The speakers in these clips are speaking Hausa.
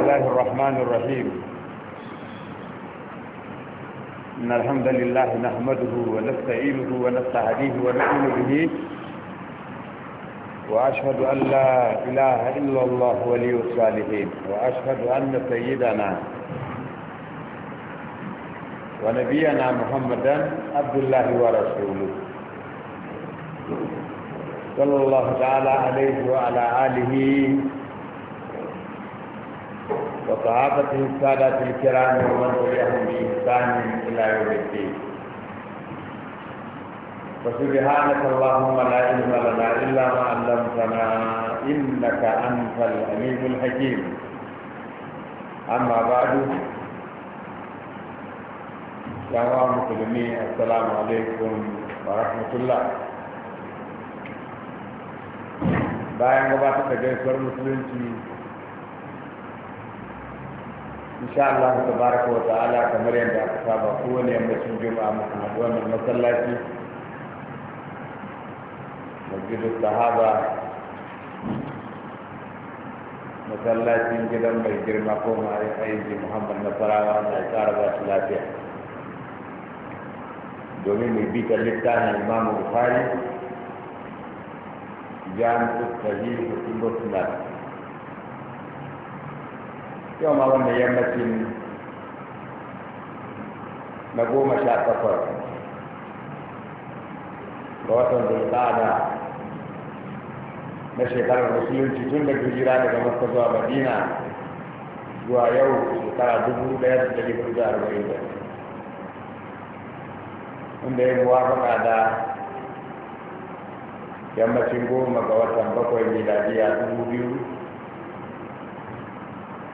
الله الرحمن الرحيم إن الحمد لله نحمده ونستعينه ونستهديه ونؤمن به وأشهد أن لا إله إلا الله ولي الصالحين وأشهد أن سيدنا ونبينا محمدا عبد الله ورسوله صلى الله تعالى عليه وعلى آله وصحابته السادة الكرام ومن تبعهم بإحسان إلى يوم الدين فسبحانك اللهم لا علم لنا إلا ما علمتنا إنك أنت العليم الحكيم أما بعد يا مسلمين السلام عليكم ورحمة الله bayan gabatar da gaisuwar musulunci insha Allah tabaraka wa ta'ala kamar yadda aka saba kowane yammacin juma'a mu haɗu wannan masallaci masjidus sahaba masallacin gidan mai girma ko mai aiki muhammad nasarawa na tsara ba su lafiya domin mai bita littafin imamu bukhari jami'u sahihu sun yau ma wannan yammacin na goma sha takwas ga watan zulkada na shekarar musulunci tun da hijira daga makka zuwa madina zuwa yau shekara dubu daya da dari hudu da arba'in da inda ya muwafaka da yammacin goma ga watan bakwai miladiya dubu biyu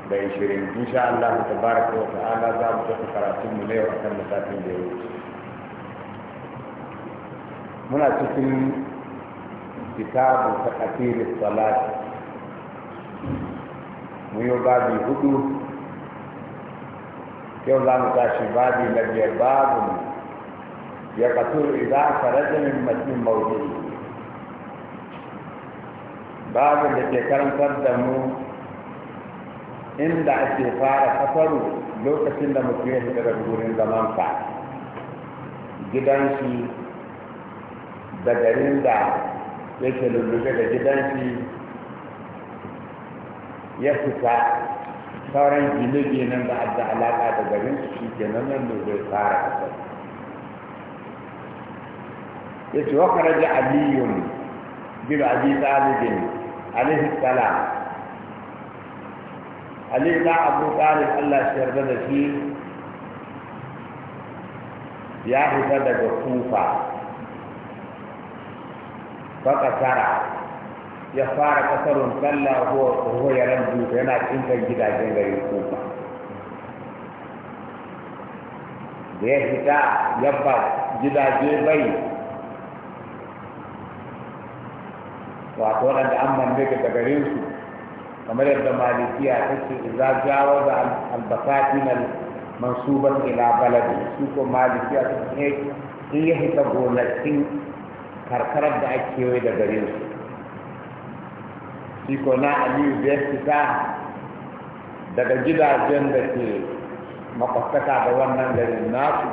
da ishirin insha Allah ta baraka wa ta'ala za mu tafi karatun mu yau akan lissafin da ya wuce muna cikin kitabu ta kafiri salat mu yi babi hudu yau za mu tashi babi na biyar babu ya kasu idan ka rajamin mutum maudu'i Babu da ke karantar da mu inda ake fara safaru lokacin da mutum ya shiga daga wurin zamansa gidan shi da garin da yake lulluge da gidan shi ya fita sauran gine-ginen da adda alaƙa da garin su shi ke nan nan zai fara kasar ya ce wa karaja aliyun bin abi talibin alaihi salam ali da abu Allah shi yarda da shi ya fita daga kufa faka tara ya fara kasarun sallah ko ko duka yana cikin gidajen garin kufa da ya fita yabba gidaje bai wato waɗanda an manne daga garin kamar yadda malikiya take idza jawaza al-basatin mansuban ila baladi su ko malikiya ce in ya hita gonakin karkarar da ake kewaye da gare su shi ko na aliyu da ya fita daga gidajen da ke makwastaka da wannan garin nasu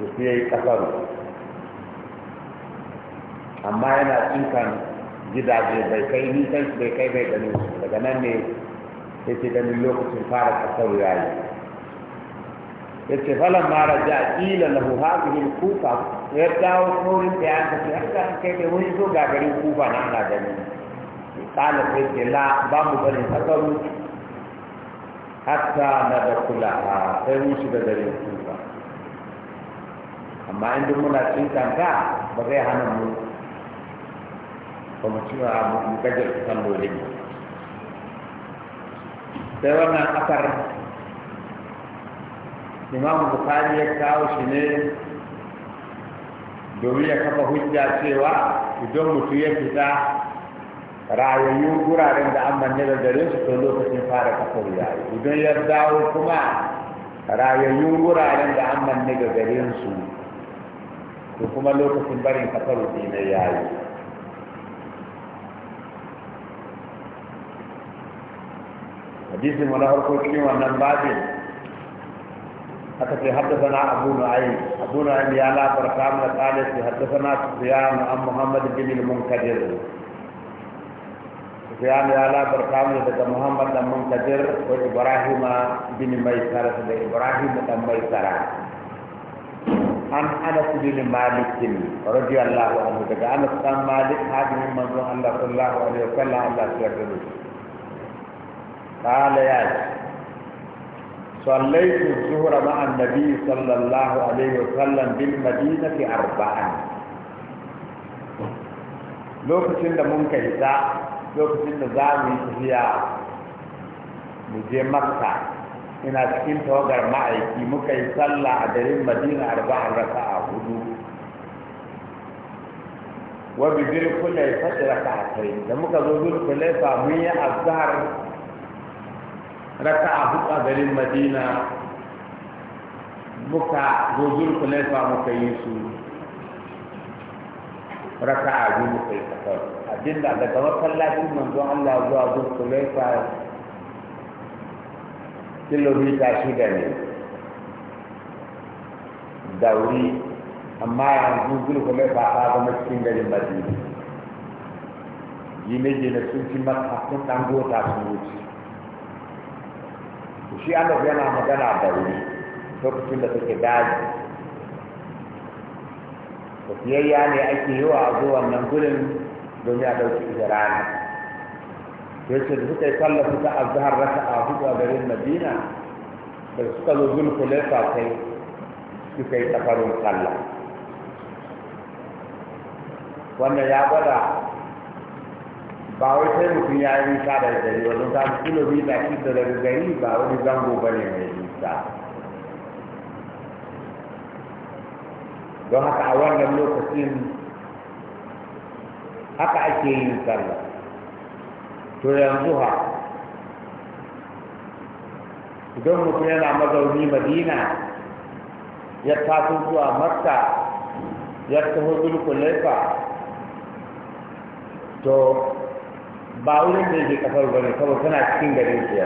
da su yi kasar amma yana kanu gidaje bai kai nisan su bai kai bai gani daga nan ne ya ce lokacin fara kasar ya yi ya ce falon mara ja ƙila na huhafi hin kufa ya dawo korin da ya kace har ka kai da wani zo ga garin kufa na ana gani kala sai ce la ba mu kasar hatta na da kula a sai mun shiga garin kufa amma in duk muna cin kanta ba zai hana mu kwamitin a gajar sallolin sai wannan asar imamu bukari ya kawo shi ne domin ya kafa hujja cewa idan mutum ya fita rayayyun guraren da an manne da gare su to lokacin fara kasar yayi idan ya dawo kuma rayayyun guraren da an manne da gare su to kuma lokacin barin kasar ne yayi hadisin wani harko cikin wannan babin aka ce haddasana abu nu'aym abu nu'aym ya lafar kamar kale ce haddasana sufyan an muhammad bin al-munkadir sufyan ya lafar kamar daga muhammad dan munkadir wa ibrahim bin maisara da ibrahim dan maisara an anas bin malik radiyallahu anhu daga anas dan malik hadimin manzon Allah sallallahu alaihi wasallam Allah ya yarda da shi قال يا صليت الظهر مع النبي صلى الله عليه وسلم بالمدينة أربعا lokacin da mun kai hita lokacin da za mu yi tafiya mu je makka ina cikin tawagar ma'aiki muka yi sallah a garin madina arba'in raka a hudu wa bi zil kulai da muka zo zil kulai mun yi raka a hudu a garin madina muka gozur kulefa muka yi su raka a biyu muka yi kafar abinda daga masallacin manzon Allah zuwa zuwa kulefa kilomita shida ne dauri amma yanzu zulkulefa ta zama cikin garin madina yi ne gine sun ci maka sun ɗan gota sun wuce shi yana magana da wuri lokacin da suke daji tafiyayya ne ake yi wa a zuwan nan gudun domin a ɗauki ijirani yace da suka yi ta suka azhar raka a hudu a garin madina da suka zo zulkulefa kai suka yi tafarin sallah wannan ya gwada sai mutum ya yi nisa da gari ba don samu kilomita shida daga gari ba wani zango ba ne mai nisa don haka a wannan lokacin haka ake yin sallah to yanzu ha idan mutum yana mazauni madina ya taso zuwa makka ya taho zulkulaifa to ba wurin da yake kafar bane kawai tana cikin garin shi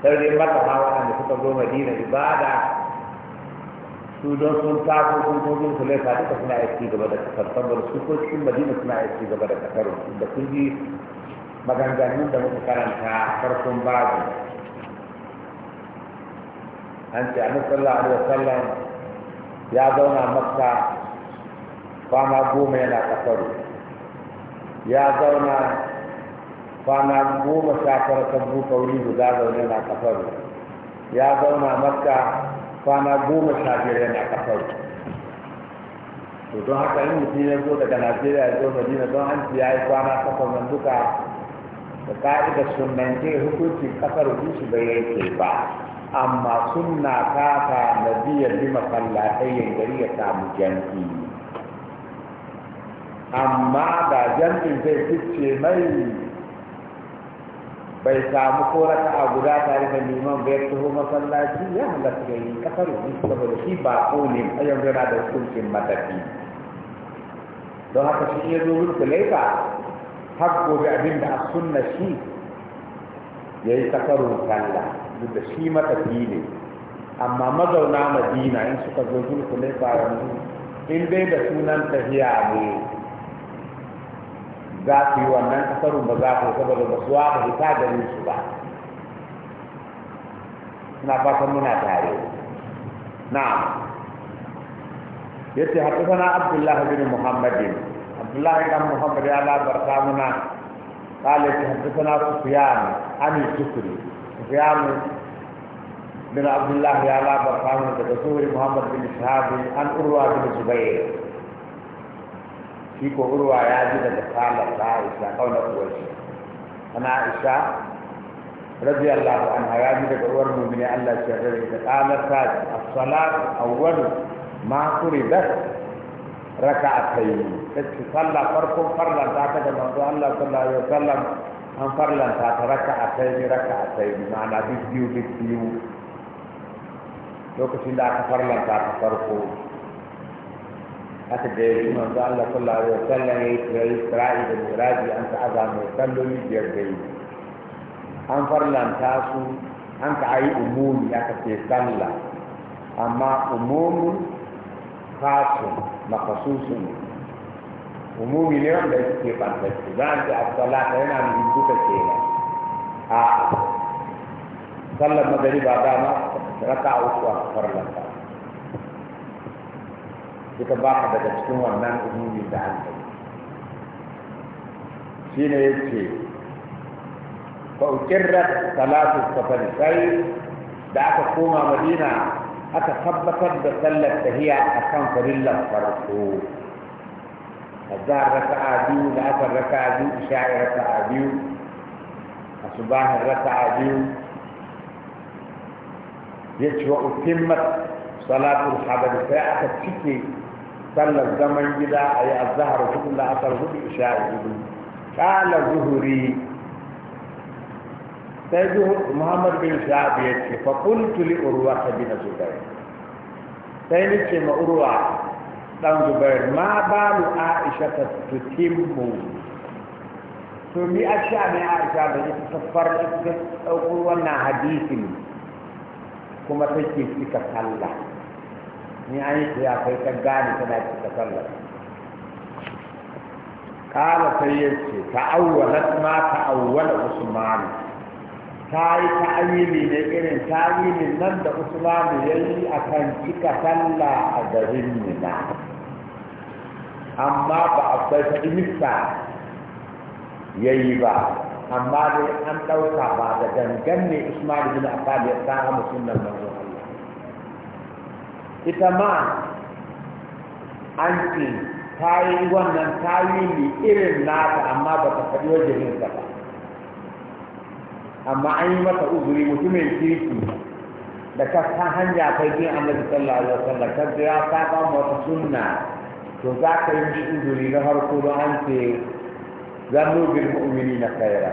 sai dai maka ma waɗanda suka zo madina ibada su don sun taso sun zo sun kulaifa duka suna aiki gaba da kasar saboda su ko cikin madina suna aiki gaba da kasar da sun ji maganganun da muka karanta farkon babu an ce annabi sallallahu alaihi wasallam ya zauna makka kwana goma yana kasaru ya zauna kwana goma sha tara ta buka wuri guda zaune na kafar ya zauna makka kwana goma sha biyar yana kafar to don haka in mutum ya zo daga najeriya ya zo madina don an ya yi kwana kafar nan duka da ka'ida sunan ke hukuncin kasar da bai ke ba amma sunna ta ta nabiyar bi masallatai gari ya samu janki amma da jam'in zai fice mai bai samu ko a guda tare da liman bai taho masallaci ya halatta ga yi kasar ne saboda shi ba ko ne a yanzu yana da hukuncin matafi don haka shi ya zo wurin laifa har gobe abin da a sunna shi ya yi kasarun sallah duk da shi matafi ne amma mazauna madina in suka zo wurin laifa yanzu in dai da sunan tafiya ne za su yi wannan kasarun ba za ku saboda ba su waka ta garin su ba suna fatan muna tare na'am yace hadathana abdullah bin Muhammadin Abdullahi bin muhammad ya la barkamuna qala hadathana sufyan an al-sukri sufyan bin abdullah ya la barkamuna da sufri muhammad bin shahab an urwa bin zubair kiko ko urwa ya ji daga salar ta aisha kauna uwar shi ana aisha رضي الله عنها يا جد أور من الله شرر قالت الصلاة أول ما قربت ركعتين تصلى فرق فرلا تاكد من الله صلى الله عليه وسلم أن فرلا تاك ركعتين ركعتين معنى بيو بيو لو كنت فرلا تاك فرقه haka da ya yi manzo Allah sallallahu alaihi wasallam ya yi Isra'i da Miraji an ta aza mai salloli biyar da yi an farlanta su an ka yi umumi aka ce sallah amma umumin khasun makasusun umumi ne wanda ya ke bantacce za a ce a salata yana nufin duka kenan a sallar magariba dama raka'a uku a farlanta duka ba ka daga cikin wannan umumi da Allah shi ne ya ce fa'ukirrat salatu safari sai da aka koma madina aka tabbatar da sallar tahiya a kan farillar farko azhar raka'a biyu da asar raka'a biyu isha'i raka'a biyu asubahin raka'a biyu ya ce wa utimmat salatul hadar sai aka cike صلى الزمن جدا أي الظهر فضل الله أصل فضل إشاء فضل قال ظهري سيده محمد بن شعب يتشي فقلت لأروى سبين زبير سيده ما أروى سبين زبير ما بال عائشة تتم فمي أشياء من عائشة بني تتفر إكتس أو قلوانا حديث كما تجيب إكتس الله من أن يتياك يتقاني فلا تتكلم قال سيدك تأولت ما تأول عثمان تاي تأيلي نجرين تأيلي نمد عثمان يلي أكن تيك تلا أدرين منا أما بأفضل فإنسا ييبا أما بأن توسع بعد جنجني عثمان بن أفضل يتاها مسلم من ita ma an ce ta yi wannan tawili irin nata amma ba ta faɗi wajen yin ba amma an yi mata uzuri mutumin kirki da ka san hanya kai jin annabi sallallahu alaihi wasallam ka ga ya mu wata sunna to za ka yi mishi uzuri na harko don an ce zanu mu'umini na kaira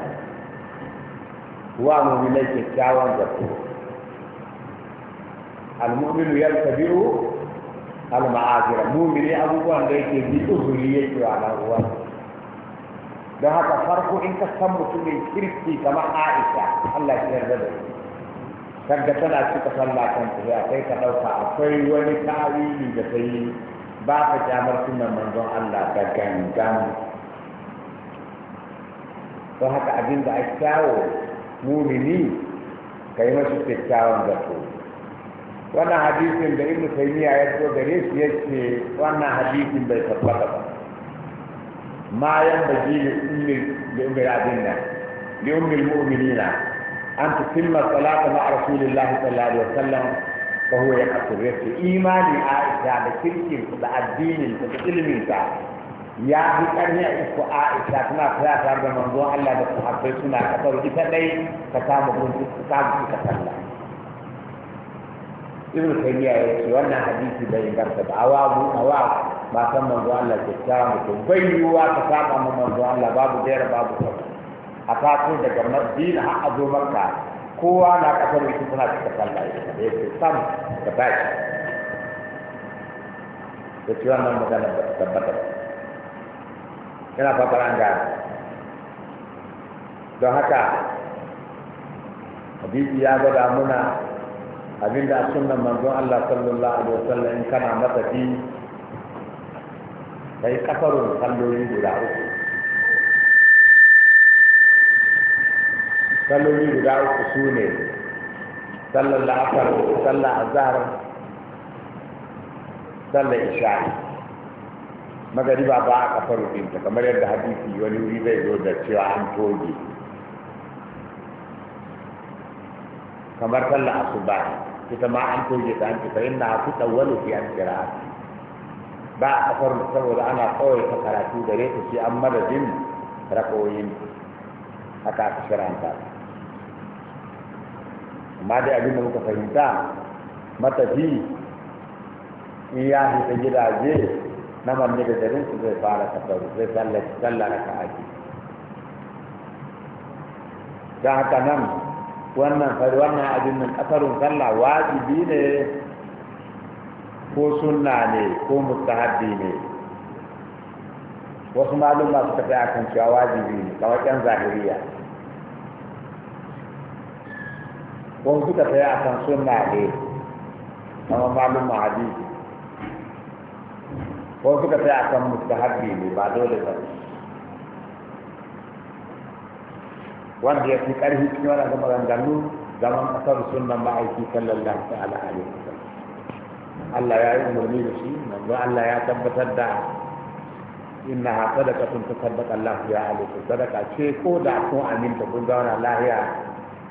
wa mu'minai kyakkyawan zato almu'minu yaltabiru alma'azira mu'mini abubuwan da biyu bi uzuri yake wa dan uwa don haka farko in ka san mutumin kirki kama Aisha Allah ya yarda da tana cika sallah kan ta sai ka dauka akwai wani tawili da ta yi ba ka jamar sunan manzon Allah da gangan don haka abinda da ake kyawo mumini ka yi masu kyakkyawan zato wannan hadisin da ibnu taymiya ya zo gare shi yace wannan hadisin bai tabbata ba ma yanbaghi li ummi li ummi abinna li ummi almu'minina an tutimma salata ma rasulillahi sallallahu alaihi wasallam fa huwa yaqsul yace imani aisha da kirkin da addinin da ilimin ta ya fi karni a isko aisha tana tsaya tare da manzon Allah da sahabbai suna kasar ita dai ta kama gunki ta kama ita sallah ibn taymiya ya ce wannan hadisi bai garta ba awa mu awa matan manzo Allah ke kira mutum bai yiwuwa ka saba mu manzo Allah babu gaira babu sauki a taso daga madina har a zo makka kowa na kasar wuce suna cika sallah ya ce sam da baki da ce wannan magana ba ta tabbata ba yana fatar an gane don haka hadisi ya gwada muna abinda a sunan manzon Allah sallallahu alaihi wasallam in kana fi kai kafarun kalloli guda uku kalloli guda uku su ne sallar la'asar sallar azhar sallar isha magariba ba a kafaru ɗinta kamar yadda hadisi wani wuri zai zo da cewa an toge kamar sallar asuba ita ma an koyi ta an ce na inna ku tawwalu fi an ba a kafar saboda ana kawai ta karatu da reta shi an madadin rakoyin haka kasa shiranta amma dai abin da muka fahimta matafi in ya fita gidaje na manne da darin su zai fara kafaru zai ka ake don haka nan wannan fari wannan abin nan kasarun sallah wajibi ne ko sunna ne ko mustahabbi ne wasu maluma suka tsaya kan cewa wajibi ne kamar yan zahiriya wasu suka tsaya a kan sunna ne kamar maluma hadisi wasu suka tsaya a kan mustahabbi ne ba dole ba ne wanda ya fi ƙarfi cikin wani zama maganganu zaman ƙasar sunan ma'aiki sallallahu ta'ala a wasallam Allah ya yi umarni da shi manzo Allah ya tabbatar da innaha sadaqatun tasaddaqa Allah ya alaihi sadaqa ce ko da kun aminta kun zauna lahiya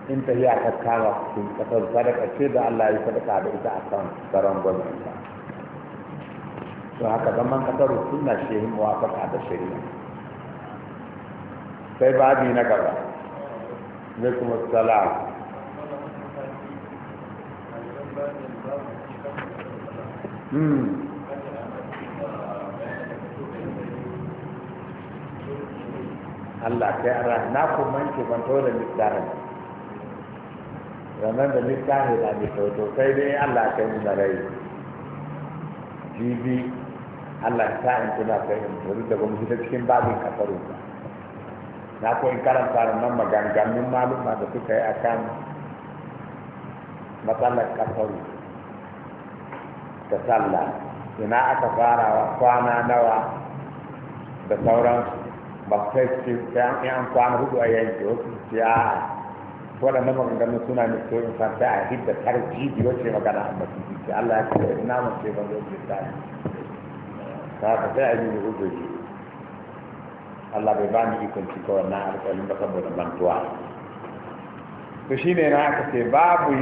in ta yi a kakkama kun kasar sadaka ce da Allah ya sadaka da ita a kan tsaron gwamnati to haka zaman kasar sunna shehin muwafaka da shari'a sai babi na gaba لكم السلام امم الله تعالى نقول من كيفان تولى مكتارن ومن ذا مكتارن لا سيدي الله كيف نرأي جيبي الله تعالى انتنا فهم ورده ومسيطة كيف بعد na koyi karanta nan maganganun maluma da suka yi akan matsalar kafaru da sallah ina aka fara kwana nawa da sauran ba su kai sai an kwana hudu a yanke wasu ciya waɗannan maganganun suna ne to in san a hidda tarjibi wacce magana a masjidi Allah ya ce ina mun ce ban zo ce ta ka sai a yi ne Allah bai bani ikon cika wannan alƙalin ba saboda mantuwa to shine na aka ce babu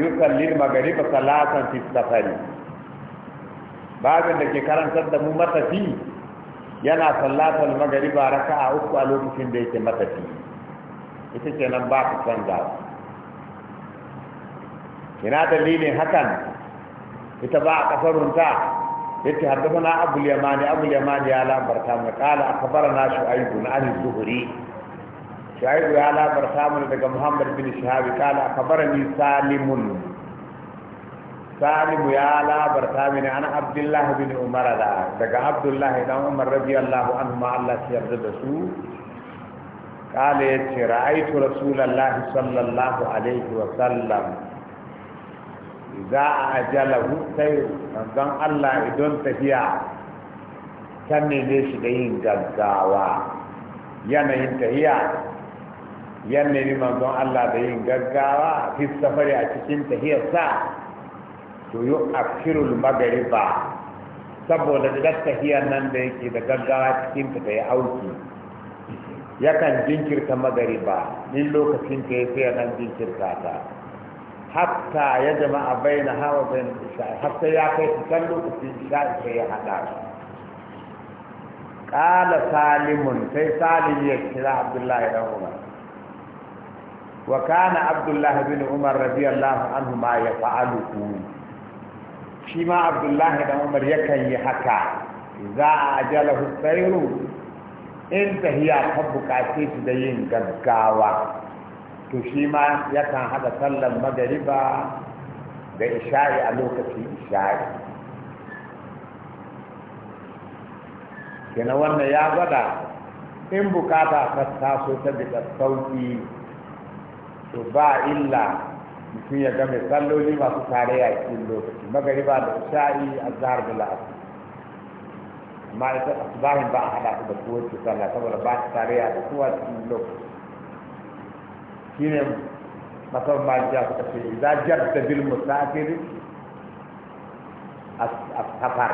magari ba salatan fi safari babin da ke karantar da mu matafi yana ba raka a uku a lokacin da yake matafi ita ce nan ba ku canza ina dalilin hakan ita ba a runta yace haddathana abul yamani abul yamani ya labarta mu qala akhbarana shu'aib an az-zuhri shu'aib ya labarta mu daga muhammad bin shihab kala akhbarani salimun Salimu ya labarta mini ana abdullah bin umar da daga abdullah dan umar radiyallahu anhu ma Allah ya yarda da su qala yace ra'aytu rasulullahi sallallahu alaihi wa sallam za a ajala sai manzon Allah idan tafiya ta ne shi da yin gaggawa yanayin tafiya yanayin manzon Allah da yin gaggawa fi safari a cikin sa to yi akirul magariba saboda da tahiyar nan da yake da gaggawa cikin ta ta yi auki yakan jinkirta magariba in lokacin ta ya sai nan jinkirta ta hatta ya jama'a bai na hawa bai na isha'i hatta ya kai su can lokacin isha'i sai ya haɗa su ƙala salimun sai salim ya kira abdullahi ɗan umar wa kana abdullahi bin umar radiyallahu anhu ma ya fa'alu shi ma abdullahi ɗan umar yakan yi haka za a ajala husairu in tahiya ta buƙace shi da yin gaggawa to shi ma yakan hada sallar magariba da isha'i a lokacin isha'i kina wannan ya gwada in bukata ta taso ta bisa sauki to ba illa mutum ya ga game salloli masu tare a cikin lokaci magariba da isha'i a zahar da la'asar amma ita asibahin ba a haɗa ta da kowace sallah saboda ba ta tare a da kowa cikin lokaci shine masar majiya suka ce za jadda bil musafir a safar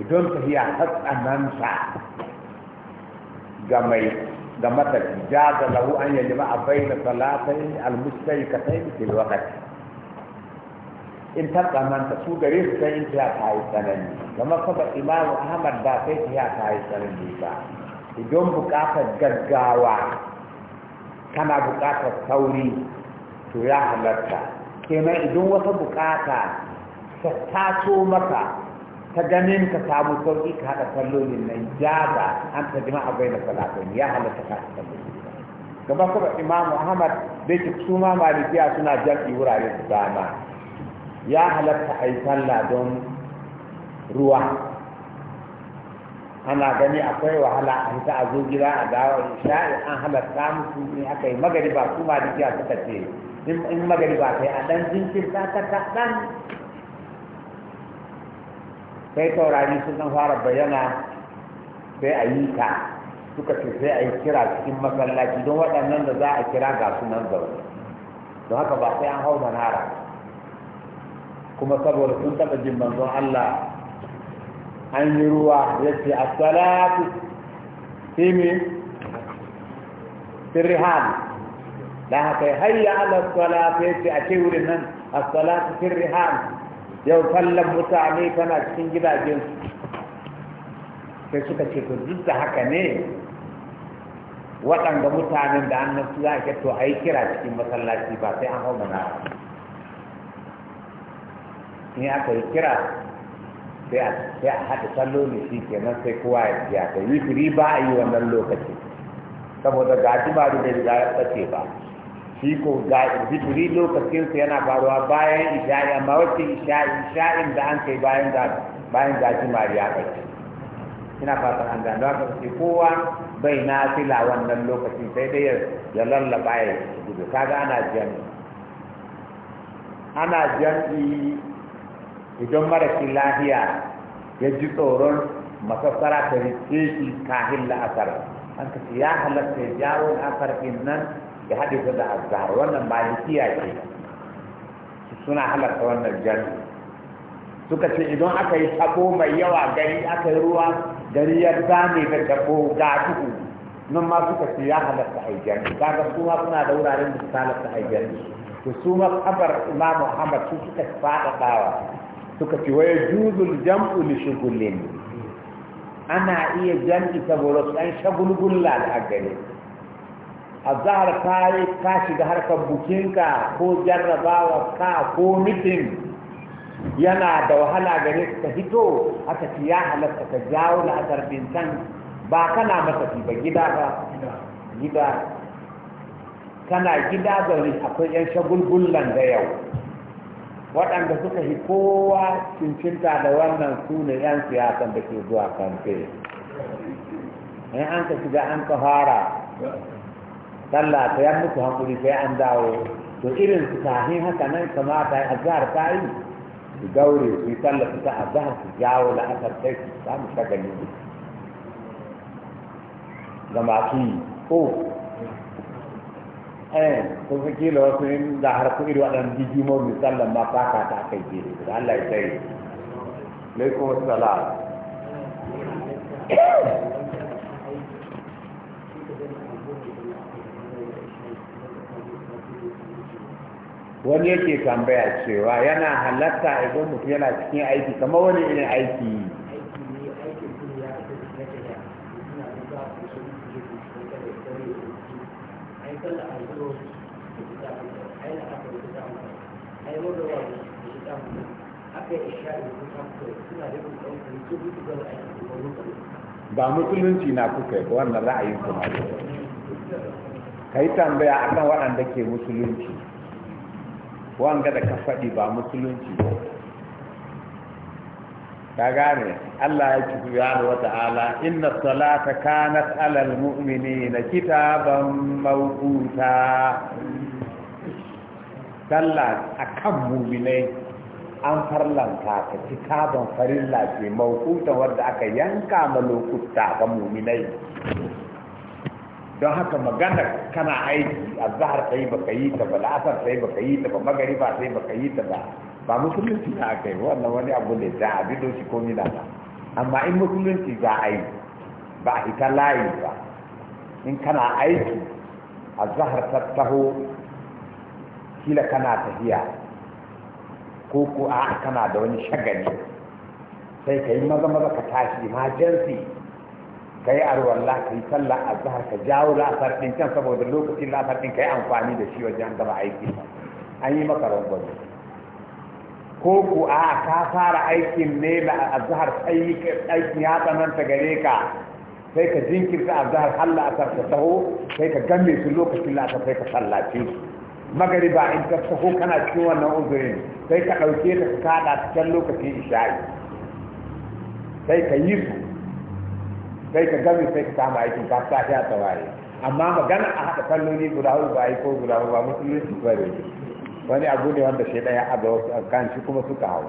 idan tafiya ta tsananta ga mai ga matafi ja ga lahu an yaji ma a da salatai almustai ka sai ke lokaci in ta tsananta su gare su sai in ta ta yi tsanani kamar saba imamu ahmad ba sai ta ta yi tsanani ba idan bukatar gaggawa kana buƙatar sauri to ya halarta kenan idan wata buƙata ta taso maka ta ganin ka samu sauƙi ka haɗa sallolin nan jaba an ta jima'a bai da salatin ya halarta ka ta sallolin gaba kuma imam muhammad da ke su ma malikiya suna jam'i wurare su dama ya halarta a yi sallah don ruwa ana gani akwai wahala an ta a zo gida a dawo isha'i an halatta musu in aka yi magariba su ma dukiya suka ce in magariba kai a dan jinkirta ta kaɗan sai taurari sun fara bayyana sai a yi ta suka ce sai a yi kira cikin masallaci don waɗannan da za a kira ga su nan zaune don haka ba sai an hau manara kuma saboda sun taɓa jin manzon Allah an yi ruwa ya ce a salatu simi sirrihan da haka hayya ala salatu ya ce a ce wurin nan a salatu sirrihan yau kallon mutane tana cikin gidajen sai suka ce ku duk haka ne waɗanda mutanen da annan su za a to a yi kira cikin masallaci ba sai an hau mana in aka yi kira sai a haɗa ne shi nan sai kowa ya biya ta witiri ba a yi wannan lokaci saboda ga ba da riga ya tsace ba shi ko ga witiri lokacinsa yana faruwa bayan isha'i amma wacce isha'i isha'in da an kai bayan ga bayan ga mari ya tsace ina fatan an gano haka ce kowa bai na tila wannan lokacin sai dai ya lallaba ya gudu kaga ana jami'i ana jami'i idan marashi lahiya ya ji tsoron masassara ta rike shi kahin la'asar an ka ya halatta ya jawo la'asar in nan ya haɗe ta da azhar wannan malikiya ce suna halatta wannan jami'i suka ce idan aka yi tabo mai yawa gari aka yi ruwa gari ya zame da tabo ga duhu nan ma suka ce ya halatta a yi kaga su ma suna da wuraren da suka halatta a jami'i to su ma kabar imam muhammad su suka bawa suka ce waya juzul jam'u li shughulin ana iya jam'i saboda an shagulgulla la al a zahar kare ka shiga harkar bukinka ko jarrabawa ka ko mitin yana da wahala gare ka hito aka ci ya halatta ka jawo la'asar bin can ba kana matafi ba gida ba gida kana gida gari akwai 'yan shagulgullan da yau waɗanda suka yi kowa cincinta da wannan su ne 'yan siyasan da ke zuwa kamfe in an ka shiga an ka fara sallah ta yan mutu hankuri sai an dawo to irin su tahin haka nan kamata a zahar ta yi su gaure su yi sallah su ta a zahar su jawo la'asar sai su samu shagali ga masu yi ko eh ko kike lo sun da har ku ido adan jiji mo mi sallan ma fa ka ta kai jiri da Allah ya sai alaikum assalam wani yake tambaya cewa yana halatta idan mutum yana cikin aiki kamar wani irin aiki ba musulunci na kuka yi wannan ra'ayin kuma ka yi tambaya akan waɗanda ke musulunci wanga da ka faɗi ba musulunci ba ka gane Allah ya ci subhanahu wata'ala inna salata kanat alal mu'minina kitaban mawquta sallah akan mu'minai an farlanta ta kitaban farilla ce mawquta wanda aka yanka ma lokuta ga mu'minai don haka magana kana aiki zahar sai baka yi ta ba la'asar sai baka yi ta ba magariba sai baka yi ta ba ba musulunci na aka yi wannan wani abu da za a bi da ko nila ba amma in musulunci za a yi ba a ita layi ba in kana aiki a zahar tattaho kila kana tafiya ko ko a kana da wani shagali sai ka yi maza maza ka tashi emergency ka yi arwallah ka yi sallah a zahar ka jawo lasar ɗin can saboda lokacin lasar ɗin ka yi amfani da shi wajen gaba aiki an yi maka rangwaje ko ku a ka fara aikin ne da azhar sai aiki ya tsananta gare ka sai ka jinkirta azhar har a ta taho sai ka game su lokacin la'asar sai ka sallace magariba in ta taho kana cikin wannan uzurin sai ka ɗauke ta ka kaɗa cikin lokacin isha'i sai ka yi su sai ka gami sai ka kama aikin ka sa ta tsawaye amma magana a haɗa falloli guda hudu ba yi ko guda hudu ba musulunci ba ne wani abu ne wanda shi ɗaya a wasu kan shi kuma suka hau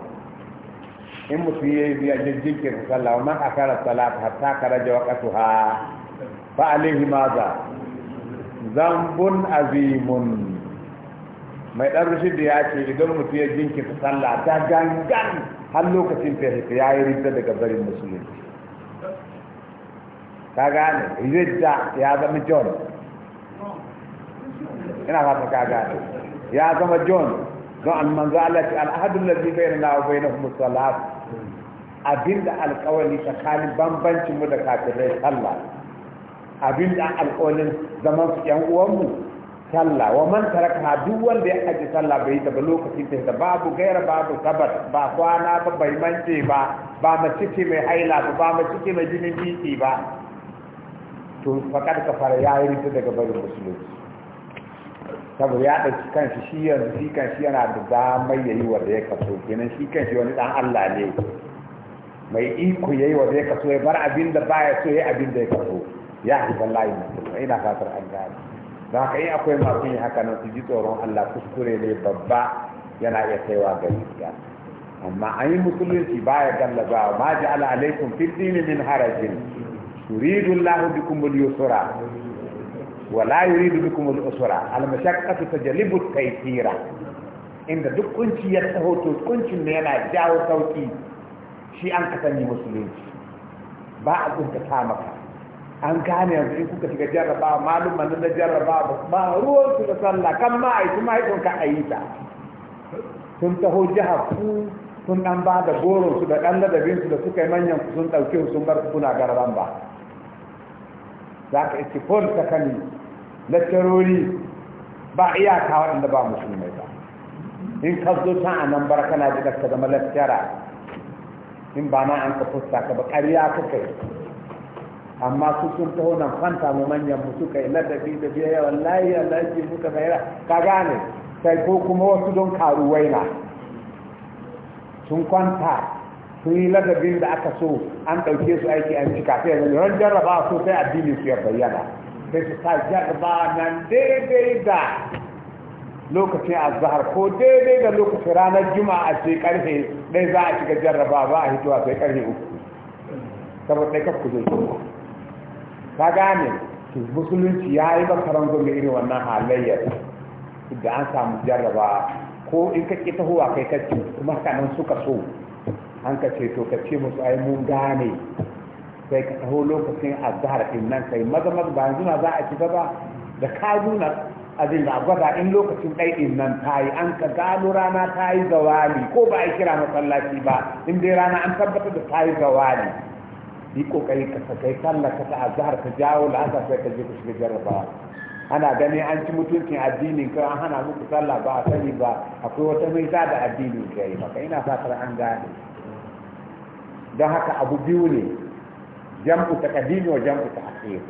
in mutum ya yi biya jirgin sallah wa man akara salat hatta jawa kasu ha fa alaihi maza zambun azimun mai rushe da ya ce idan mutum ya jinkirta sallah ta gangan har lokacin fahimta ya yi ridda daga barin musulunci ka gane ridda ya zama john ina fata ka gane ya zama john don manzo Allah ce al'adun lafi bai na bai na kuma salat abinda alkawali tsakanin bambancin mu da kafirai sallah da alkawalin zaman su yan uwanmu sallah wa man taraka duk wanda ya aji sallah bai ta ba lokacin ta babu gaira babu sabat ba kwana ba bai mance ba ba mace mai haila ba ba mace mai jinin biki ba to fakar kafara yayin ta daga barin musulunci saboda ya ɗauki kanshi shi yanzu shi kanshi yana da damar ya yi wanda ya kaso kenan shi kanshi wani ɗan Allah ne mai iko ya yi wanda ya kaso ya bar abin da baya so ya abin da ya kaso ya fi ballahi mutum ina fatar an gane don ka yi akwai masu yin haka nan su ji tsoron Allah kuskure ne babba yana iya kaiwa ga gaskiya amma an yi musulunci baya gallazawa ma ja'ala alaikum fid dini min harajin turidun Allahu bikum yusra wala yuridu bikum al-usra al-mashaqqatu tajlibu at-taysira inda duk kunci ya taho to ne yana jawo sauki shi an ka musulunci ba a kunta ta maka an gane yanzu in kuka shiga jarraba malum manin da jarraba ba ruwan su da sallah kan ma a yi kuma haifin ka a yi ta sun taho jihar ku sun dan ba da goron su da dan ladabin su da suka yi manyan ku sun dauke sun bar kuna gararan ba za ka iske ko ta kani lakcarori ba iyaka waɗanda ba musulmai ba in ka zo can a nan bar kana ji ka zama lakcara in ba na an ka fusta ka ba ƙarya ka kai amma su sun taho nan fanta mu manyan mu suka yi ladabi da biyayya wallahi ya muka tsayira ka gane sai ko kuma wasu don karuwai na sun kwanta sun yi ladabin da aka so an ɗauke su aiki an cika sai yanzu ran jarraba so sai addini su ya bayyana sai su ta jarba nan daidai da lokacin azahar ko daidai da lokacin ranar juma'a ce karfe dai za a shiga jarraba ba a hitowa sai karfe uku saboda ɗaya kafku zai ka gane musulunci ya yi ba karan irin wannan halayyar da an samu jarraba ko in ka ƙi tahowa kai kacce kuma haka suka so an ka ce to ka ce musu ai mun gane sai ka taho lokacin azhar din nan sai maza maza ba yanzu za a ci ba da kaduna nuna abin da gwada in lokacin din nan ta yi an ka gano rana ta yi zawali ko ba a kira masallaci ba in dai rana an tabbatar da ta yi zawali yi kokari ka sakai sallah ka ta azhar ka jawo la'asar sai ka je ku shiga jarrabawa ana ganin an ci mutuncin addinin ka an hana muku sallah ba a sani ba akwai wata mai sa da addinin kai maka ina fatar an gane don haka abu biyu ne jam'u taqdimi wa jam'u ta'khir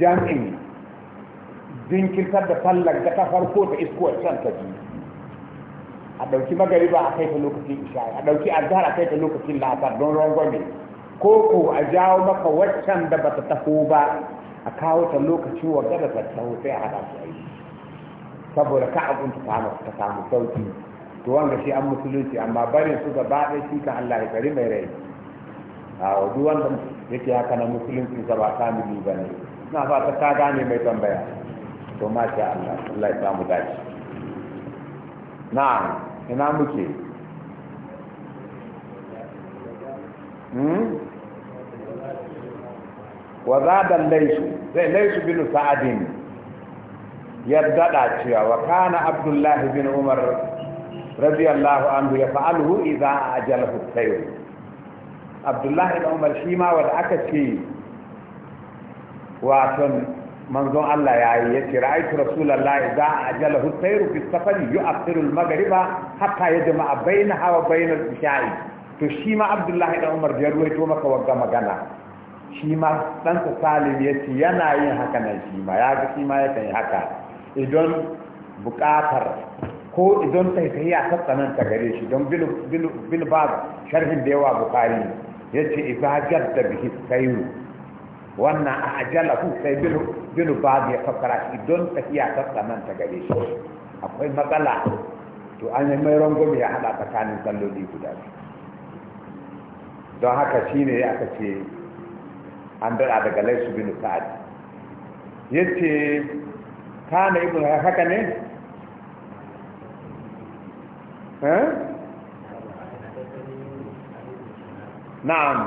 jam'in jinkirtar da sallar da ta farko ta isko can ta biyu a ɗauki magariba a kai ta lokacin isha a ɗauki azhar a kai ta lokacin la'asar don rangwame ko ko a jawo maka waccan da bata taho ba a kawo ta lokacin wanda da ta taho sai a hada su aiki saboda ka abun ta samu ka samu sauki to wanda shi an musulunci amma barin su gaba ɗaya shi ka Allah ya kari mai rai a wadu wanda yake haka na musulunci sa ba kamili ba ne na ta ka gane mai tambaya to ma sha Allah Allah ya samu dace na ina muke hmm wa zada laisu sai laisu bin sa'adin ya dada cewa wa kana abdullahi bin umar radiyallahu anhu ya fa'aluhu idza ajalahu sayyid abdullahi da umar shi ma wanda aka ce waton manzon Allah ya yi ya ce ra'aytu rasulullahi za a ajala hutairu fi safari yu'athiru al-maghriba hatta yajma'a bainaha wa bain al-isha'i to shi ma abdullahi da umar ya ruwaito maka wagga magana shi ma ɗansa salim ya ce yana yin haka nan shi ma ya ga shi ma ya yi haka idan buƙatar ko idan taitayya ta tsananta gare shi don Bilba sharhin da yawa bukari yace ibajar da bihi sayu wannan a ajalahu sai binu babu ya fakara shi don nan ta gare shi akwai matsala to an yi mai rangwame ya haɗa tsakanin salloli guda don haka shi ne aka ce an daɗa daga laisu binu sa'ad yace kana haka ne? Eh? na'am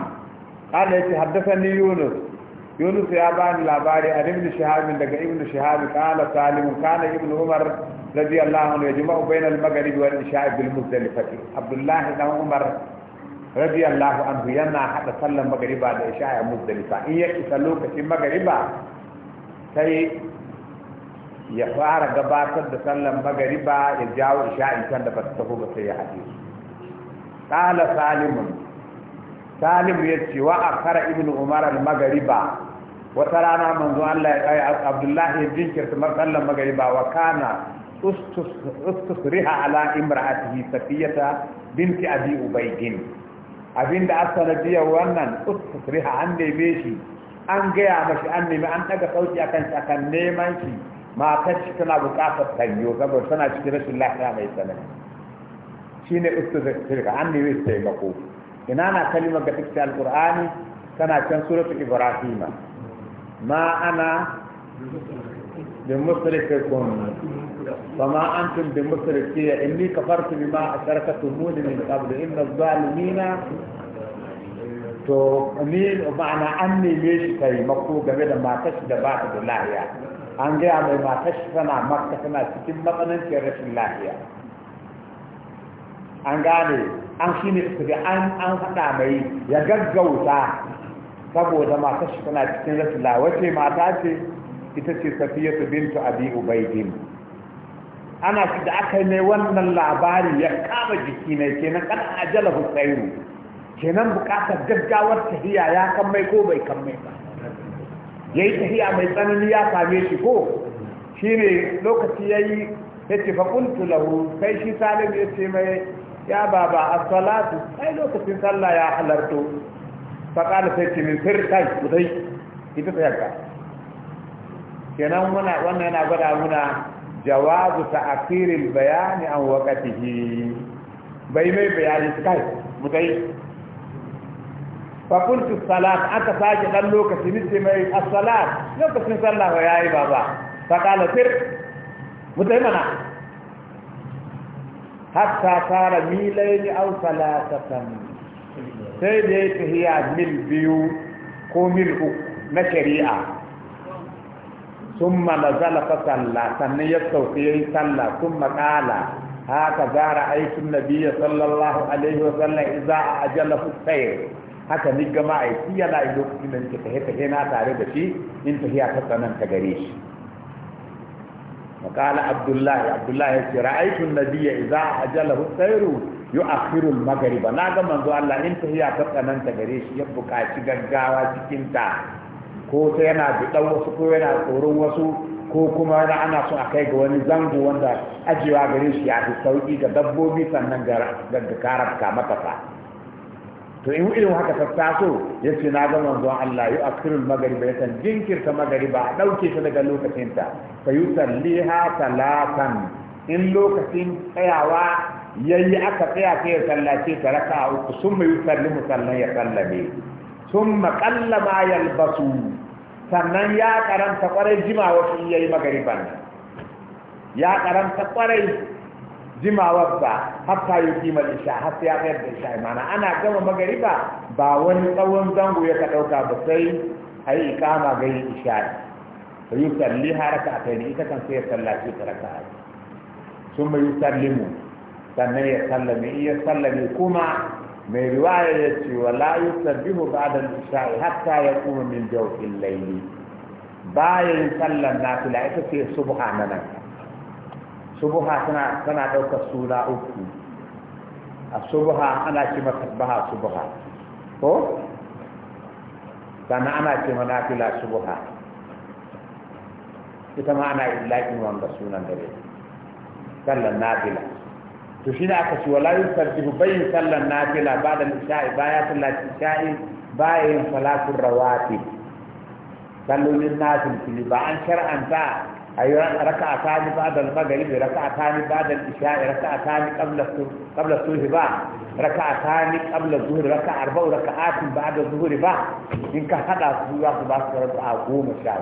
qala haddasa ni yunus yunus ya bani labari an ibn shihab daga ibn shihab qala salim kana ibn umar radiyallahu anhu yajma'u bayna al-maghrib wal isha bil muzdalifah abdullah dan umar radiyallahu anhu yana hada sallan magriba da isha a muzdalifa in ya isa lokacin magriba sai ya fara gabatar da sallan magariba ya jawo isha'in can da ba ba sai ya salim ya ce wa kara ibn umar al-magariba wata rana manzo Allah ya Abdullahi jinkirta masallan magariba wa kana ustusriha ala imra'atihi safiyata binti abi ubaydin abinda asanadiyar wannan ustusriha an neme shi an gaya mashi an nemi an daga sauki akan shi akan neman shi matar shi tana bukatar tanyo saboda tana cikin rashin lafiya mai tsanani shine ustusriha an neme shi taimako ina na kalimar ga take alkur'ani tana can suratul ibrahima ma ana bi musrikikum وما أنتم بمصرفية إني كفرت بما أشركتموني من قبل إن to ni ma'ana an neme shi kai mako game da matar da ba ta da lahiya an gaya mai matar tana makka tana cikin matsananciyar rashin lahiya an gane an shi ne su an an haɗa mai ya gaggauta saboda mata shi tana cikin rasula wace mata ce ita ce safiya su bintu abi ubaidin ana shi da aka ne wannan labari ya kama jiki ne kenan kan ajala husainu kenan bukatar gaggawar tahiya ya kan mai ko bai kan mai ba yayi tahiya mai tsanani ya same shi ko shine lokaci yayi yace fa qultu lahu sai shi salim yace mai ya baba a salatu ai lokacin sallah ya halarto fa qala sai ki min firkai dai ita ta yaka kenan muna wannan yana gwada muna jawazu ta'khiril bayani an waqtihi bai mai bayani kai mutai fa qultu salat aka sake dan lokaci nace mai as-salat lokacin sallah ya yi baba fa qala fir mutai mana hatta tara milaini aw salasatan sai da ya tahiya mil biyu ko mil uku na shari'a summa nazala fa salla sannan ya sauke yayi salla sun qala haka zara aikin nabiyyi sallallahu alaihi wa sallam idza ajala fi haka ni gama aiki yana lokacin da nake tahe tahe na tare da shi in tahiya ta tsananta gare shi وقال عبد الله عبد الله يقول رأيت النبي إذا أجله الطير يؤخر المغرب ناغا منذ الله انت هي تتنان تغريش يبقى شغغاوا cikinta ko sai yana bidan wasu ko yana tsoron wasu ko kuma yana ana so a kai ga wani zango wanda ajiyewa gare shi ya fi sauki ga dabbobi sannan ga karabka matasa to in irin haka ta taso ya ce na ga manzon Allah yi akirul magariba ya kan jinkirta magariba a ɗauke ta daga lokacinta ta yi salliha talatan in lokacin tsayawa yayi aka tsaya sai ya sallace ta raka uku sun mai sallimu sannan ya sallame sun maƙalla ma yalbasu sannan ya karanta kwarai jimawa shi yi magariban ya karanta kwarai jimawar ba hatta yi kimar isha har sai ya kayar da isha mana ana gama magariba ba wani tsawon zango ya ka ɗauka ba sai a yi ikama ga yin isha fa yi salli haraka a kai ita kan sai ya sallace ta raka a sun mai yi sallimu sannan ya sallame iya sallame kuma mai riwaya ya ce wa la yi sabbihu ba da isha hatta ya kuma min jawfin laili ba ya yi sallan nafila ita ce nan. subha tana tana daukar sura uku a subha ana ce mata baha subha ko sannan ana ce mana nafila subha ita ma ana illaƙin wanda sunan dare sallan nafila to shi ne aka ci wala yin sarjihu bayin sallan nafila ba da nisha'i ya sallar nisha'i baya yin salatun rawati sallolin nafil fili ba an shar'anta أي ركعتان بعد المغرب ركعتان بعد العشاء ركعتان قبل قبل الصبح بعد ركعتان قبل الظهر ركع أربع ركعات بعد الظهر بعد إن كان هذا سورة ba ركعة قوم ba.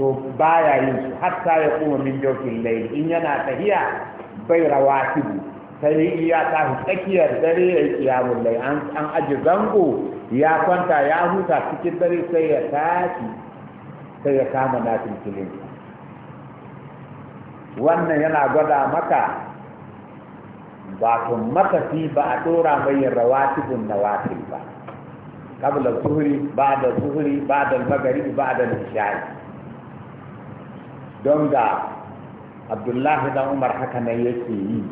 In baya yin su hatta ya kuma min jokin lai in yana tahiya bai rawatibu sai iya ta tsakiyar dare ya kiyamun lai an aji zango ya kwanta ya huta cikin dare sai ya tafi. sai ya kama na wannan yana gwada maka ba to matafi ba a dora mai rawatibun nawafil ba kabla zuhri ba'da zuhri ba'da maghrib ba'da isha'i don ga abdullahi da umar haka ne yake yi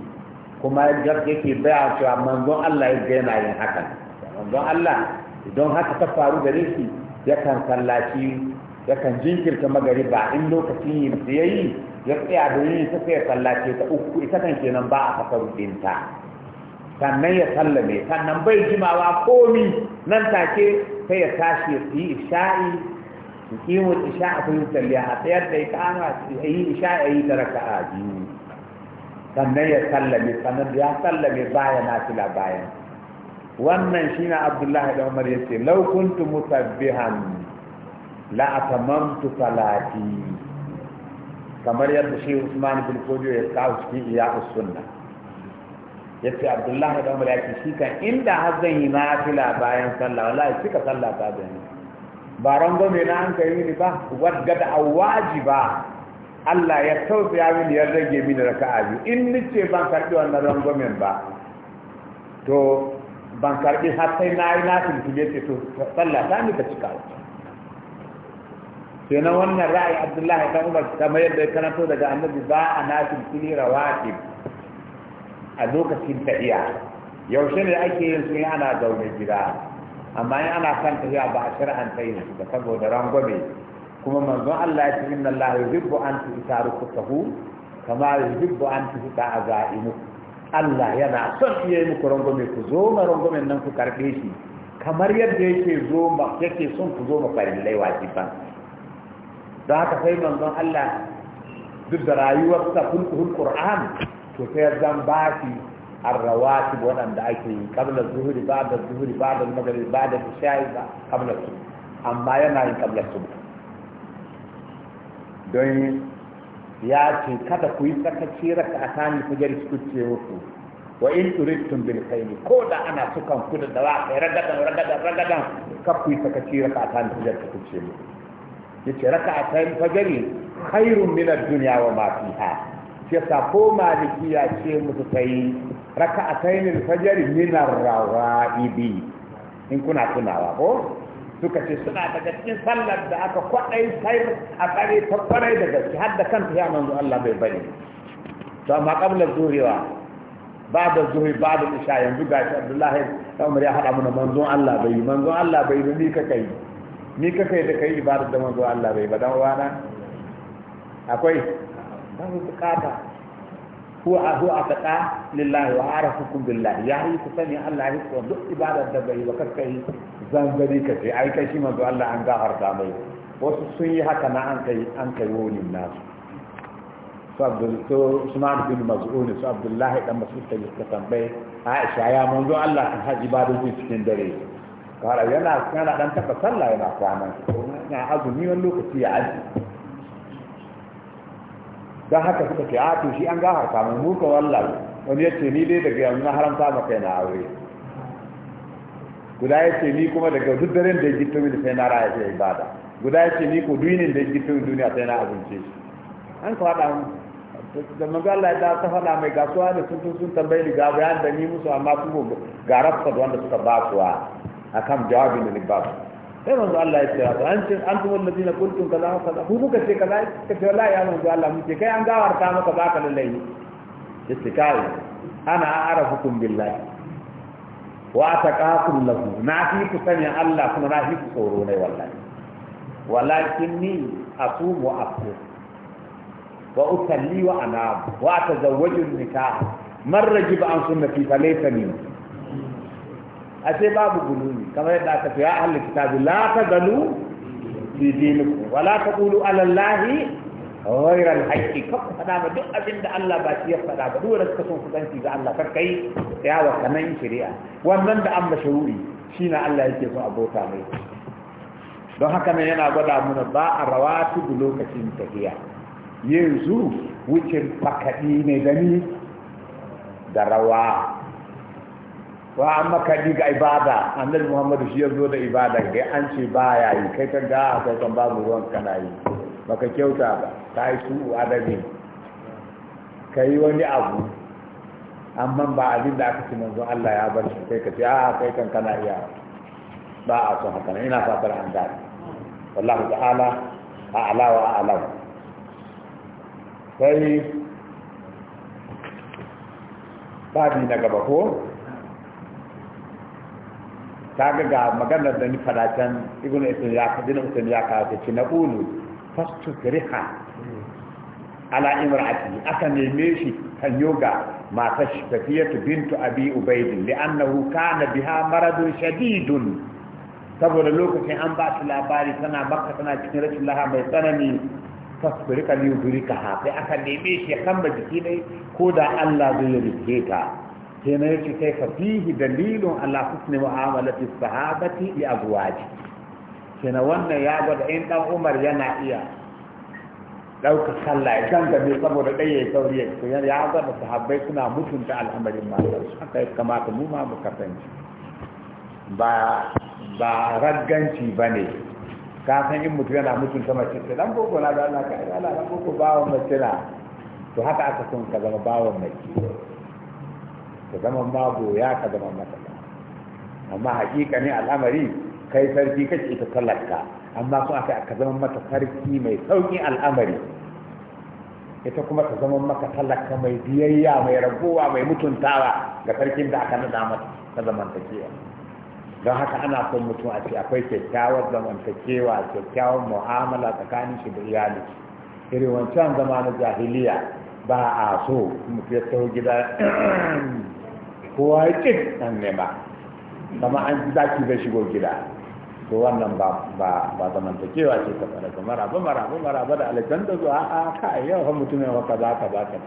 kuma yake baya cewa manzon Allah ya gaina yin haka manzon Allah idan haka ta faru gare shi yakan sallaci kan jinkirta magariba in lokacin yin da yayi ya tsaya da yin ta sai sallace ta uku ita kan kenan ba a kasar dinta sannan ya sallame sannan bai jimawa komi nan take sai ya tashi ya yi isha'i yuqimul isha'a fa yusalli a tsayar da iqama yi isha'i yi raka'a biyu sannan ya sallame sannan ya sallame baya na nafila bayan wannan shine Abdullahi da Umar yace law kuntu musabbihan la atamamtu salati kamar yadda shi Usman bin Fodio ya kawo cikin ya sunna yace Abdullah da Umar yake shi kan inda har zan yi nafila bayan sallah wallahi kika sallah ta da ni ba rango me na an kai ni ba wadda da wajiba Allah ya ya mini ya rage mini raka'a bi, in nice ban karbi wannan rangomen ba to ban karbi har sai na yi nafil tuje ce to sallah ta ni ka cika kenan wannan ra'ayin abdullahi kan umar kamar yadda ya karanto daga annabi ba a nasin fili rawatib a lokacin tafiya yaushe ne ake yin su ana zaune gida amma in ana kan tafiya ba a shar'anta yin su ba saboda rangwame kuma manzon Allah ya ce inna Allah yuhibbu an tusarukuhu kama yuhibbu an tusa azaimu Allah yana son iya yi muku rangwame ku zo ma rangwamen nan ku karbe shi kamar yadda yake zo ma yake son ku zo ma farillai wajiban da haka sai manzon Allah duk da rayuwarsa kulkuhul qur'an to sai zan ba shi arrawatib waɗanda ake yi kabla zuhuri ba da zuhuri ba da magari ba da shayi ba kabla su amma yana yin kabla su don ya ce kada ku yi sakaci raka a sani ku jari su ce muku wa in turittum bil khayri ko da ana sukan ku da dawa ragadan ragadan ragadan kar ku yi sakaci raka a sani ku jari su ce muku yace raka raka'atan fajri khairun min ad-dunya wa ma fiha yasa ko ya ce musu raka a al-fajr min ar-rawa'ibi in kuna tunawa ko suka ce suna daga cikin sallar da aka kwadai sayar a tsare ta kwarai da gaske har da kanta ya manzo Allah bai bari to amma kabla zurewa babu zuhri babu isha yanzu gashi Abdullahi Umar ya hada mu manzon Allah bai manzon Allah bai ni ka kai ni ka kai da kai ibadar da manzo Allah bai ba dan wana akwai babu bukata huwa a atqa lillahi wa arafukum billahi ya yi ku sani Allah ya ku duk ibadar da bai ba kai zanzari ka ce ai kai shi manzo Allah an gafarta mai wasu sun yi haka na an kai an kai wani nasu su abdul to sunan bin maz'un su abdullahi dan mas'ud ta yi tambaye Aisha ya manzo Allah kan haji ibadar cikin dare kara yana yana dan taka sallah yana kwana na azumi wani lokaci ya aji dan haka suka ce a to shi an ga harka mu muka wallahi wani yace ni dai daga yanzu na haramta maka yana aure guda yace ni kuma daga duk daren da gito mini sai na raya sai ibada guda yace ni ko duinin da gito mini duniya sai na azumce shi an faɗa mu da manzo Allah ya ta faɗa mai gasuwa da sun sun tambayi ga bayan da ni musu amma su ga rafsa wanda suka basuwa akan jawabin da ba sai manzo Allah ya ce an ce an tumul ladina kuntum kaza kaza ku kuka ce kaza ka ce wallahi ya manzo Allah mun ce kai an gawarta maka baka lallai istikai ana arafukum billahi wa ataqakum lahu na fi ku Allah kuma na fi tsoro ne wallahi walakinni asumu afsir wa usalli wa anab wa atazawwaju nikah man rajiba an sunnati falaysa minni a babu gulumi kamar yadda aka fi ya ahli kitabi la ta galu fi wa la taqulu ala allahi ghayra al-haqqi ba duk abin da Allah ba shi ya faɗa ba duk wanda suka son kusanci ga Allah kar kai ya wa kanan shari'a wannan da an shi na Allah yake son abota mai don haka ne yana gwada mana ba a rawatu lokacin tafiya. yanzu wucin fakaɗi ne gani da rawa to amma ka ga ibada annabi muhammadu shi ya zo da ibada ga an ce ya yi kai ka ga akwai kan babu ruwan kana yi baka kyauta ba ka yi su adabi ka yi wani abu amma ba abin da aka ci manzo Allah ya bar shi kai ka ce a kai kan kana iya ba a son haka ina fatar an gane wallahu ta'ala a'ala wa a'ala sai babi na gaba ko kaga ga maganar da ni fada can ibnu islam ya ka dinu islam ya ka ta ci na qulu fastukriha ala imra'ati aka neme shi kan yoga mata shi tafiyatu bintu abi ubaid li'annahu kana biha maradun shadidun saboda lokacin an ba shi labari tana makka tana cikin rashin laha mai tsanani fasbirka liyudurika ha sai aka neme shi ya kamba jiki ne ko da Allah zai rike ta kenan yace kai ka fihi dalilun ala husni mu'amalati sahabati li azwaji kenan wannan ya gwada in dan Umar yana iya dauka sallah ya kan gabe saboda dai yayi sauri ya ya gwada sahabbai suna mutunta al'amarin mata haka kamata mu ma mu kasance ba ba ragganci bane ka san in mutum yana mutunta mace sai dan boko na da Allah ka Allah dan boko bawon mace na to haka aka son ka zama bawon mace ka zama ya ka zama matsala amma hakika ne al'amari kai sarki kake ita talaka amma so aka ka zama mata sarki mai sauki al'amari ita kuma ta zama maka talaka mai biyayya mai ragowa mai mutuntawa ga sarkin da aka nada mata ta zamantakewa don haka ana son mutum a ce akwai kyakkyawar zamantakewa kyakkyawar mu'amala tsakanin shi da iyali irin wancan zama na jahiliya ba a so mutum ya taho gida kowa ya ƙi nan ne ba kama an ji zaki zai shigo gida Ko wannan ba zamantakewa ce ta fara. ba maraba maraba maraba da alitan da zuwa a ka yau fa mutum ya waka za ka za ka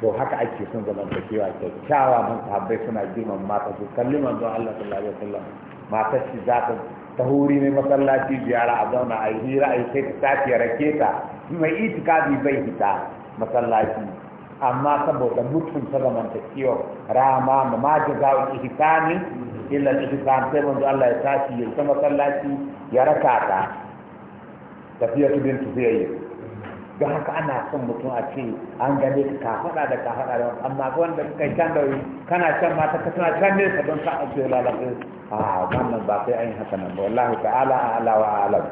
to haka ake sun zamantakewa kyakkyawa mun sahabbai suna girman mata su kalli manzo Allah sallallahu alaihi wasallam matar shi za ta ta huri ne masallaci ziyara a zauna a yi hira a yi sai ta tafiya rake ta mai itikafi bai fita masallaci amma saboda mutunta zamantakewa rama ma ma jaza'u ihsani illa ihsan sai mun Allah ya tashi ya sama sallaci ya raka ta tafiya tudin bintu zai ga haka ana son mutum a ce an gane ka faɗa da ka faɗa da amma wanda kai can da kana can ma ta kana can ne ka don ka ce lalace a wannan ba sai an yi haka nan ba wallahi ta'ala ala. wa a'lam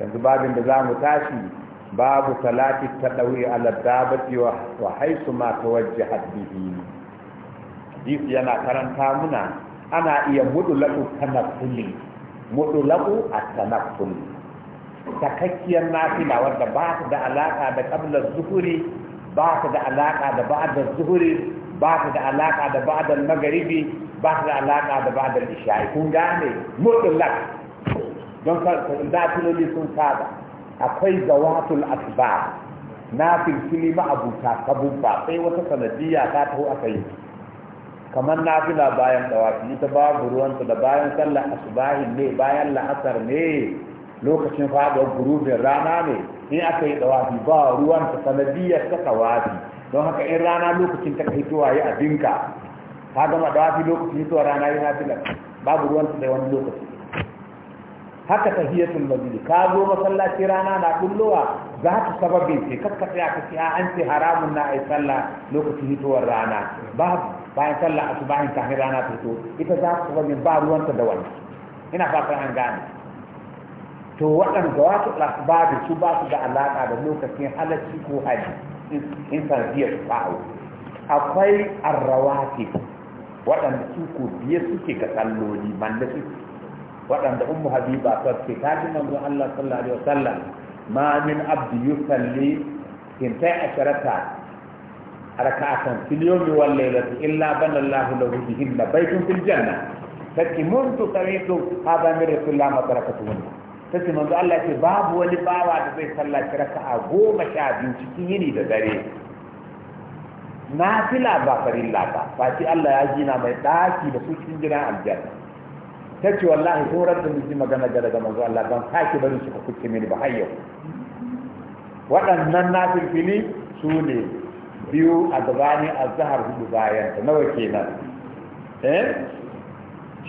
yanzu babin da za mu tashi babu salati tadawi ala dabati wa wa haisu ma ta tawajjahat bihi hadisi yana karanta muna ana iya mudulaku tanaffuli mudulaku at-tanafful takakkiyar nafila wadda ba ta da alaƙa da qabla zuhuri ba ta da alaƙa da ba'da zuhuri ba ta da alaƙa da ba'da magaribi, ba ta da alaƙa da ba'da isha'i kun gane mudulak don ka da sun saba akwai zawatul asba na filfili ma'abuta kabubba sai wata sanadiyya ta taho aka yi kamar fila bayan dawafi ta babu ta da bayan sallar asubahin ne bayan la'asar ne lokacin faɗuwar gurubin rana ne in aka yi dawafi ba ruwanta sanadiyar ta tawafi don haka in rana lokacin ta hitowa a abinka ka gama dawafi lokacin tuwa rana yi nafila babu ruwanta da wani lokaci haka ta tahiyatul masjid ka zo masallaci rana na kullowa za ta sababin ce kakka tsaya ka ce ah, an ce haramun na a yi sallah lokacin hitowar rana babu bayan sallah asubahin kafin rana ta fito ita za ta sababin ba ruwanta da wani ina fatan an gane to waɗanda wasu asbabi su ba su da alaƙa da lokacin halacci ko hali in sanadiyar su ba'o akwai arrawati waɗanda su ko biye suke ga salloli manda suke waɗanda ummu habiba ta ce ta ji manzon Allah sallallahu alaihi wasallam ma min abdi yusalli ta asharata raka'atan fil yawmi wal laylati illa bana Allah lahu bihinna baytun fil janna take mun to sami'tu hada min rasulillah ma barakatuhu take manzo Allah ce babu wani bawa da zai sallaci raka'a goma sha biyu cikin yini da dare nafila ba farilla ba ba Allah ya gina mai daki da su cikin gidan aljanna ta ce wallahi ko rabbi mu ji magana da daga manzo Allah ban sake barin su kuce mini ba har yau waɗannan nafilfili su ne biyu a gabani a zahar hudu bayan ta nawa kenan eh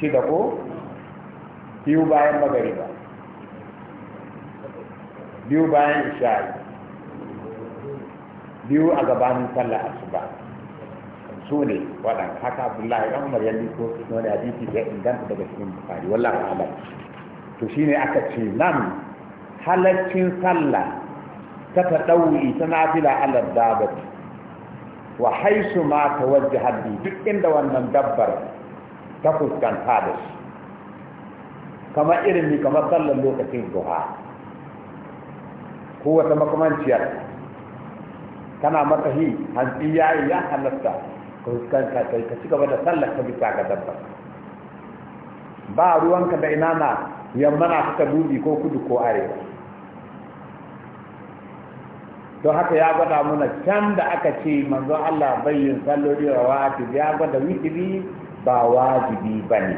shida ko biyu bayan magariba biyu bayan isha'i biyu a gabanin sallah asuba su ne waɗanda haka abdullahi ɗan umar yadda ko su wani hadisi ya inganta daga cikin bukari wallahi ta'ala to shine aka ce nan halaccin sallah ta taɗauri ta nafila alar dabati wa haisu ma ta wajen haddi duk inda wannan dabbar ta fuskanta da shi kamar irin ni kamar sallar lokacin duha ko wata makamanciyar kana matahi hantsi yayi ya halatta ka kai ka ci gaba da sallar ka bisa ga dabba ba ruwanka da ina na yamma na suka dubi ko kudu ko arewa don haka ya gwada muna can da aka ce manzon Allah bayyin salloli wa wajibi ya gwada witiri ba wajibi ba ne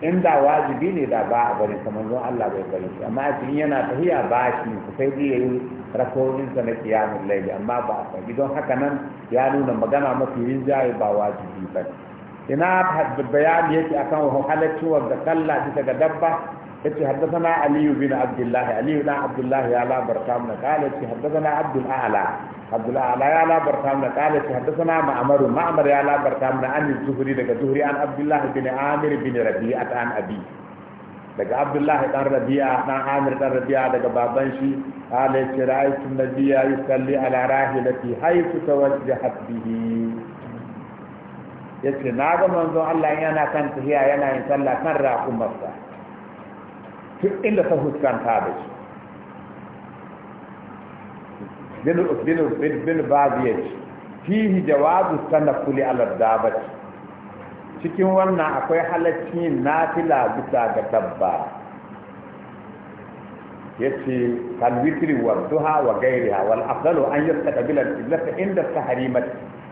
inda wajibi ne da ba a bari kamar manzon Allah bai bari amma a cikin yana tafiya ba shi ku sai zai yi rakoninsa na kiyamun laili amma ba a sami don haka nan ya nuna magana mafi rinjaye ba wajibi ba ina bayani yake akan halaccin da sallah bisa ga dabba yace haddathana ali bin abdullah ali bin abdullah ya la barkamna kala yace haddathana abdul a'la abdul a'la ya la barkamna kala yace haddathana ma'amaru ma'amar ya la barkamna an zuhri daga zuhri an abdullah bin amir bin ta an abi daga abdullahi dan rabi'a dan amir dan rabi'a daga baban shi ala ce ra'aytu nabiyya yusalli ala rahilati haythu tawajjahat bihi yace na ga manzon Allah yana kan tafiya yana yin sallah kan raqumarsa duk inda ta huskanta da shi bin bin bin baziyaci fihi jawazu tanakuli ala dabati cikin wannan akwai halaccin nafila bisa ga dabba yace kal witri wa duha wa ghayriha wal afdalu an yastaqbila al-qibla inda tahrimat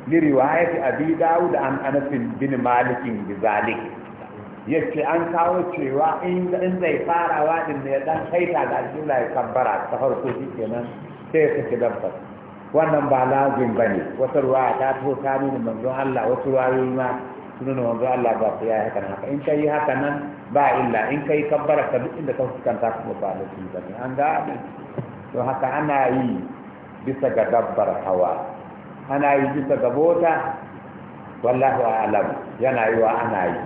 li riwayat abi da an anas bin malik Ya yace an kawo cewa in zai farawa din ne dan kaita da Allah ya kabbara ta farko shikenan sai ya saki dabba wannan ba lazim ne. wata ruwa ta to ta nuna manzon Allah wasu ruwayoyi ma nuna wanzu Allah ba ku yayi haka haka in kai haka nan ba illa in kai kabbara ka duk inda ka fuskanta kuma ba da ba ne an ga to haka ana yi bisa ga dabbar hawa ana yi bisa ga bota wallahu a'lam yana yi wa ana yi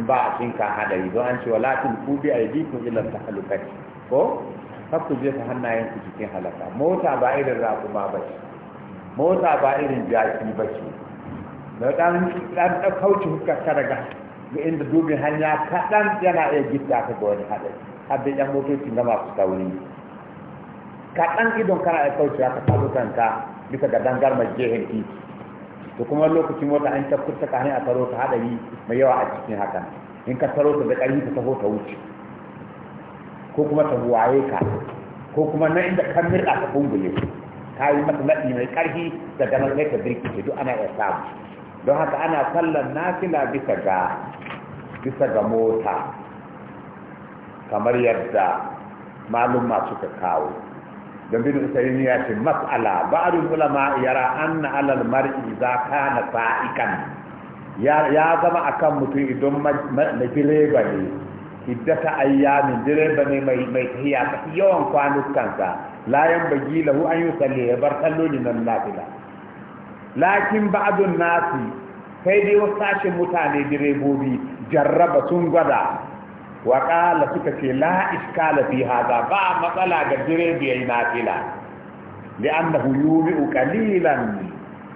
in ba a cinka hada yi don an ce wala tun ku bi aidikum ta tahlukati ko kar ku ka hannayen ku cikin halaka mota ba irin raƙuma ba ce mota ba irin jaki ba ce da dan dan da kauce hukka daga ga inda dubin hanya kaɗan yana iya gidda ka ga wani haɗari har da yan motoci na masu dan kaɗan idon kana iya kauci ka kalu ka bisa ga dangar mai jehen ki to kuma lokacin mota an ta kurta kahin a taro ta haɗari mai yawa a cikin hakan in ka taro ta da ƙarfi ta taho ta wuce ko kuma ta waye ka ko kuma na inda kan mirɗa ta bungule ka yi mata nadi mai karfi da ganar sai ta birkice duk ana iya samu don haka ana sallar nafila bisa ga bisa ga mota kamar yadda masu suka kawo don bin usaini ya ce mas'ala ba'adun ulama yara anna alal mar'i za na sa'ikan ya zama a kan mutum idan na direba ne hiddata ayyamin direba ne mai mai tafiya yawan kwanukansa layan bagi lahu an tsalle ya bar ne nan nafila lakin ba'dun nasi kai dai wasu sashen mutane direbobi jarraba sun gwada wa ƙala suka ce la iskala fi haza ba matsala ga direba yayi nafila li annahu yumi'u qalilan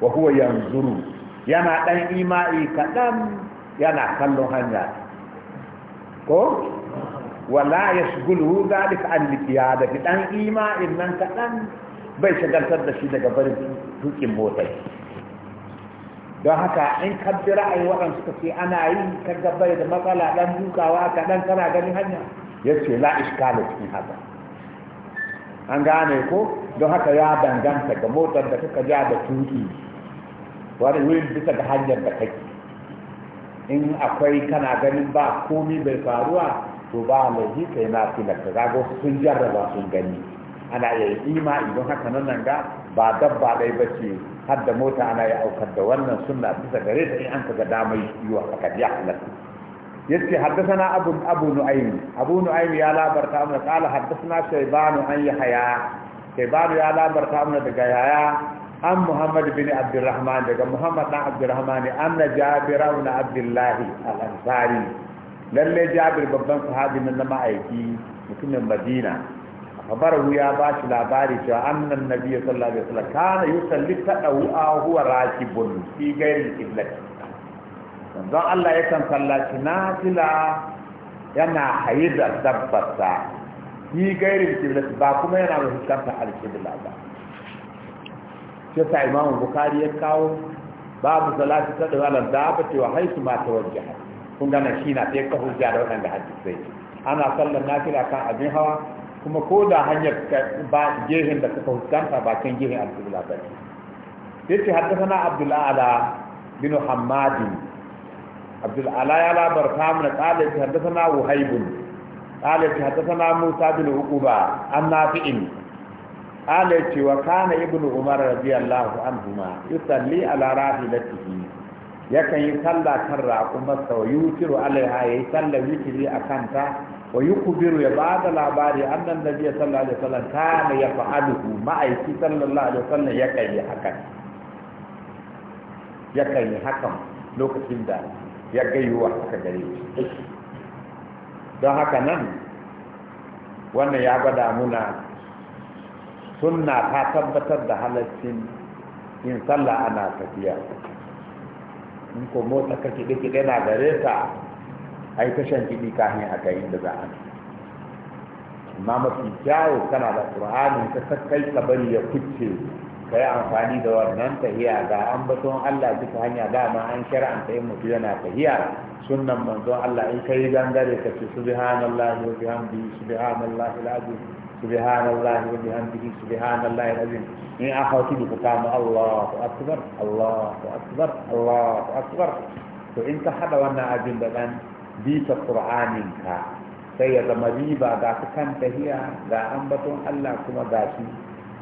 wa huwa yanzuru yana dan imai kadan yana kallon hanya ko wala yashghulu dhalika an liqiyadati dan ima'in nan kadan bai shagaltar da shi daga barin tukin motar don haka in ka ra'ayi waɗanda suka ce ana yi kan gabbai da matsala ɗan dukawa kaɗan ɗan kana ganin hanya ya ce la iskala cikin haka an gane ko don haka ya danganta ga motar da suka ja da tuki wani wurin bisa ga hanyar da kai in akwai kana ganin ba komi bai faruwa to ba laifi kai na filar ka zago sun jarraba sun gani ana iya ima don haka nan ga ba dabba dai ba ce har da mota ana yi aukar da wannan sunna bisa gare ta in an ka ga damar yi wa haka ya halatta yace haddathana abu abu nu'aym abu nu'aym ya labarta mana qala haddathana shayban an yahya shayban ya labarta mana daga yahya an muhammad bin abdurrahman daga muhammad dan abdurrahman anna jabir ibn abdullah al-ansari lalle jabir babban sahabi na ma'aiki mutumin madina فبرهو يا باش لا باري جاء أن النبي صلى الله عليه وسلم كان يسلط أو هو راكب في غير القبلة ذا الله يسن صلى الله نازلا ينا حيد الدبتا في غير القبلة باكما ينا وحكمت على القبلة شسا إمام البخاري يكاو باب صلاة تدعو على الدابة وحيث ما توجه كنت نشينا تيكه الجارة عند حديثي أنا صلى الله عليه وسلم كان أبيها kuma ko da hanyar ba gehen da suka huskanta bakin gehen alƙibla ba ne yace haddathana abdul abdullahi bin hammadi abdullahi ya labarta mana qala yace wuhaibun wahaib qala yace haddathana musa bin uquba an nafi'in qala ce wa kana ibnu umar radiyallahu anhuma yusalli ala rahilatihi yakan yi sallah kan raƙumarsa wa yutiru alaiha yi sallar witiri a kanta wa kubiru ya bada labari annan da sallallahu alaihi wasallam kana ya fa'aluhu ma'aiki sallallahu alaihi wasallam ya kai hakan ya kai hakan lokacin da ya gaiwa haka gare shi don haka nan wannan ya gwada muna sunna ta tabbatar da halaccin in sallah ana tafiya in ko motsa kake dake na gare ta ai ta shan kiɗi kafin a kai inda za a yi amma mafi kyawo kana da ƙur'anin ka kai ka bari ya kucce ka yi amfani da wannan tahiya ga ambaton Allah duka hanya dama an shar'anta in mutu yana tahiya Sunan manzon Allah in ka yi gangare ka ce su subhanallahi wa bihamdihi subhanallahi alazim subhanallahi wa bihamdihi subhanallahi alazim in aka wuce ka kama Allah. Allahu akbar Allahu akbar Ku akbar to in ka haɗa wannan abin da dan bisa ƙur'aninka sai ya zama riba ga su kan tahiya ga ambaton Allah kuma ga shi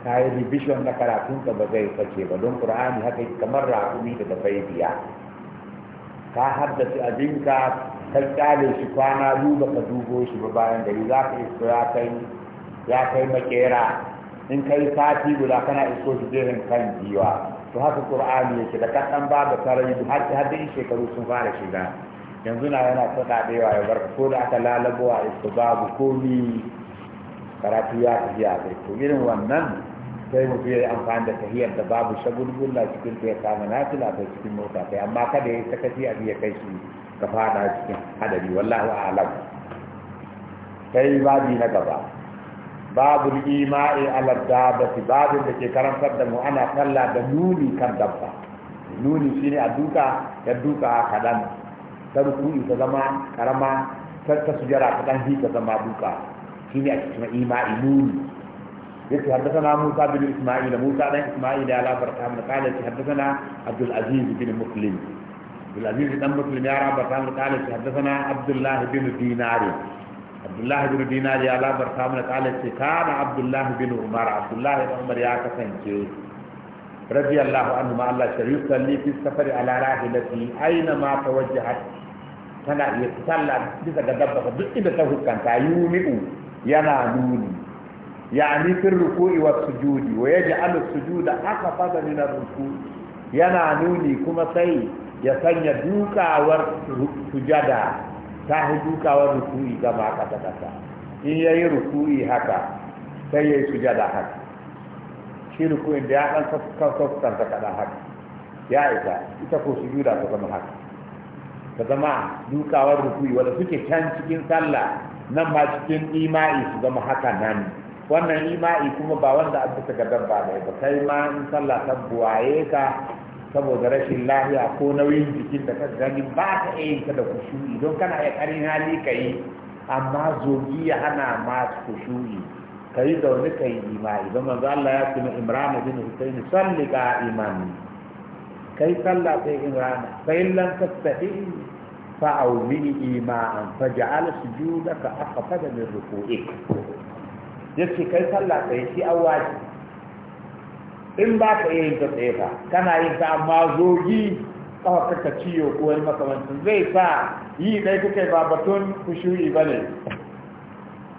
ta yi revision na karatunka ba zai sace ba don ƙur'ani haka kamar raƙumi da da biya ka haddace abinka ka kyale shi kwana biyu ba ka dubo shi ba bayan gari za ka iso ya kai ya kai makera in kai sati guda kana iso shi jerin kan jiwa to haka qur'ani yake da kasan ba da sarari har har shekaru sun fara shiga yanzu na yana kuɗaɗe wa ya bar ko da aka lalabo a babu komi karatu ya fi a kai to irin wannan sai mu fiye amfani da tahiyar da babu shagulgulla cikin ta ya kama na fi cikin mota kai amma kada ya yi sakaci a biya kai shi ka fada cikin hadari wallahu a'lam sai babi na gaba babu ima'i ala dabati babin da ke karantar da mu ana sallah da nuni kan dabba nuni shine a duka ya duka kadan ta ruku ta zama karama ta sujara ta ɗan ta zama duka shi ne a cikin ima'i nuni ya ce haddasa na musa bin isma'il da musa ɗan isma'il ya labarta mu kala ce haddasa na abdul aziz bin muslim abdul aziz bin muslim ya labarta mu kala ce haddasa na abdullah bin dinari Abdullahi bin dinari ya labarta mu kala ce kana Abdullahi bin umar Abdullahi bin umar ya kasance رضي الله عنه ما الله شريف a في السفر على راحلتي أينما توجهت tana iya sallah bisa ga dabba duk inda ta hukanta yumi'u yana nuni Ya ni fir ruku'i was sujudi wa yaj'alu sujuda aqfada min ar-ruku' yana nuni kuma sai ya sanya dukawar sujada ta hi dukawar ruku'i ka ta kata in yayi ruku'i haka sai yayi sujada haka shi ruku'in da ya dan kaskanta kada haka ya isa ita ko sujuda ta zama haka ka zama dukawar rukui wanda suke can cikin sallah nan ma cikin ima'i su zama haka nan wannan ima'i kuma ba wanda an bisa ga dabba ne ba kai ma in sallah ta buwaye ka saboda rashin lahiya ko nauyin jikin da ka gani ba ka iya ka da kushu'i don kana iya karin hali ka yi amma zogi ya hana ma kushu'i ka yi zaune ka yi ima'i don manzo Allah ya ce Imran bin Hussein salli ka imani kai sallah sai Imran sai lan lam fa'awmini ima'an fa ja'ala sujudaka aqfada min ruku'ik yace kai sallah kai shi awaji in ba ka yin ta tsaye ba kana yin ta amma zogi kafa ka ciyo ko wani makamancin zai sa yi dai kake ba batun kushuri bane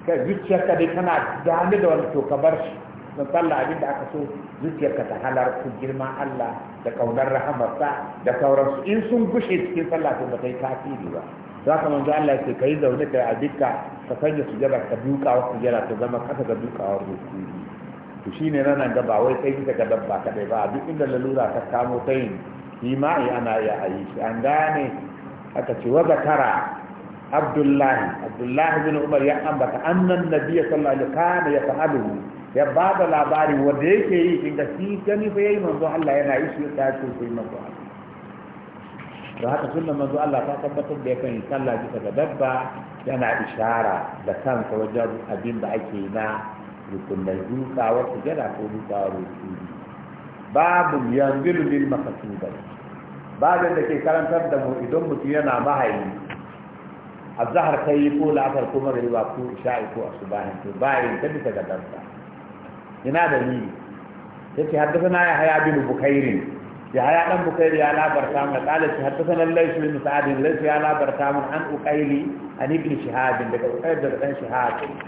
ka zuciyarka dai kana dame da wani to ka bar shi don sallah abin da aka so zuciyarka ta ku girma Allah da kaunar rahamarsa da sauransu in sun gushe cikin sallah to ba yi tasiri ba za ka manzo Allah ya ce kai zaune da adika ka sanya su sujada ka su jira ta zama kasa ga dukawar rukuni to shine nan ga ba wai kai ka dabba kadai ba duk inda lalura ta kamo kai yi ma'i ana ya ayi shi an gane aka ce wa zakara abdullahi abdullahi bin umar ya ambata annan nabiyya sallallahu alaihi wasallam kana ya ya ba da labari wanda yake yi kin ga shi gani fa yayi manzo Allah yana yi shi ta ce sai manzo Allah da haka sunnan manzo Allah ta tabbatar da yakan sallah bisa ga dabba yana ishara da kansa wajen abin da ake na rukunai dukawar sujada ko dukawar rukuni babu yanzilu lil makasubai babin da ke karantar da mu idan mutum yana mahayi a zahar kai ko la'asar ko magariba ko isha'i ko asubahin to bayin ta bisa ga dabba ينا دليل يتي حدثنا يحيى بن بكير يحيى بن بكير على برتام قال حدثنا الليث بن سعد الليث على برتام عن اقيلي عن ابن شهاب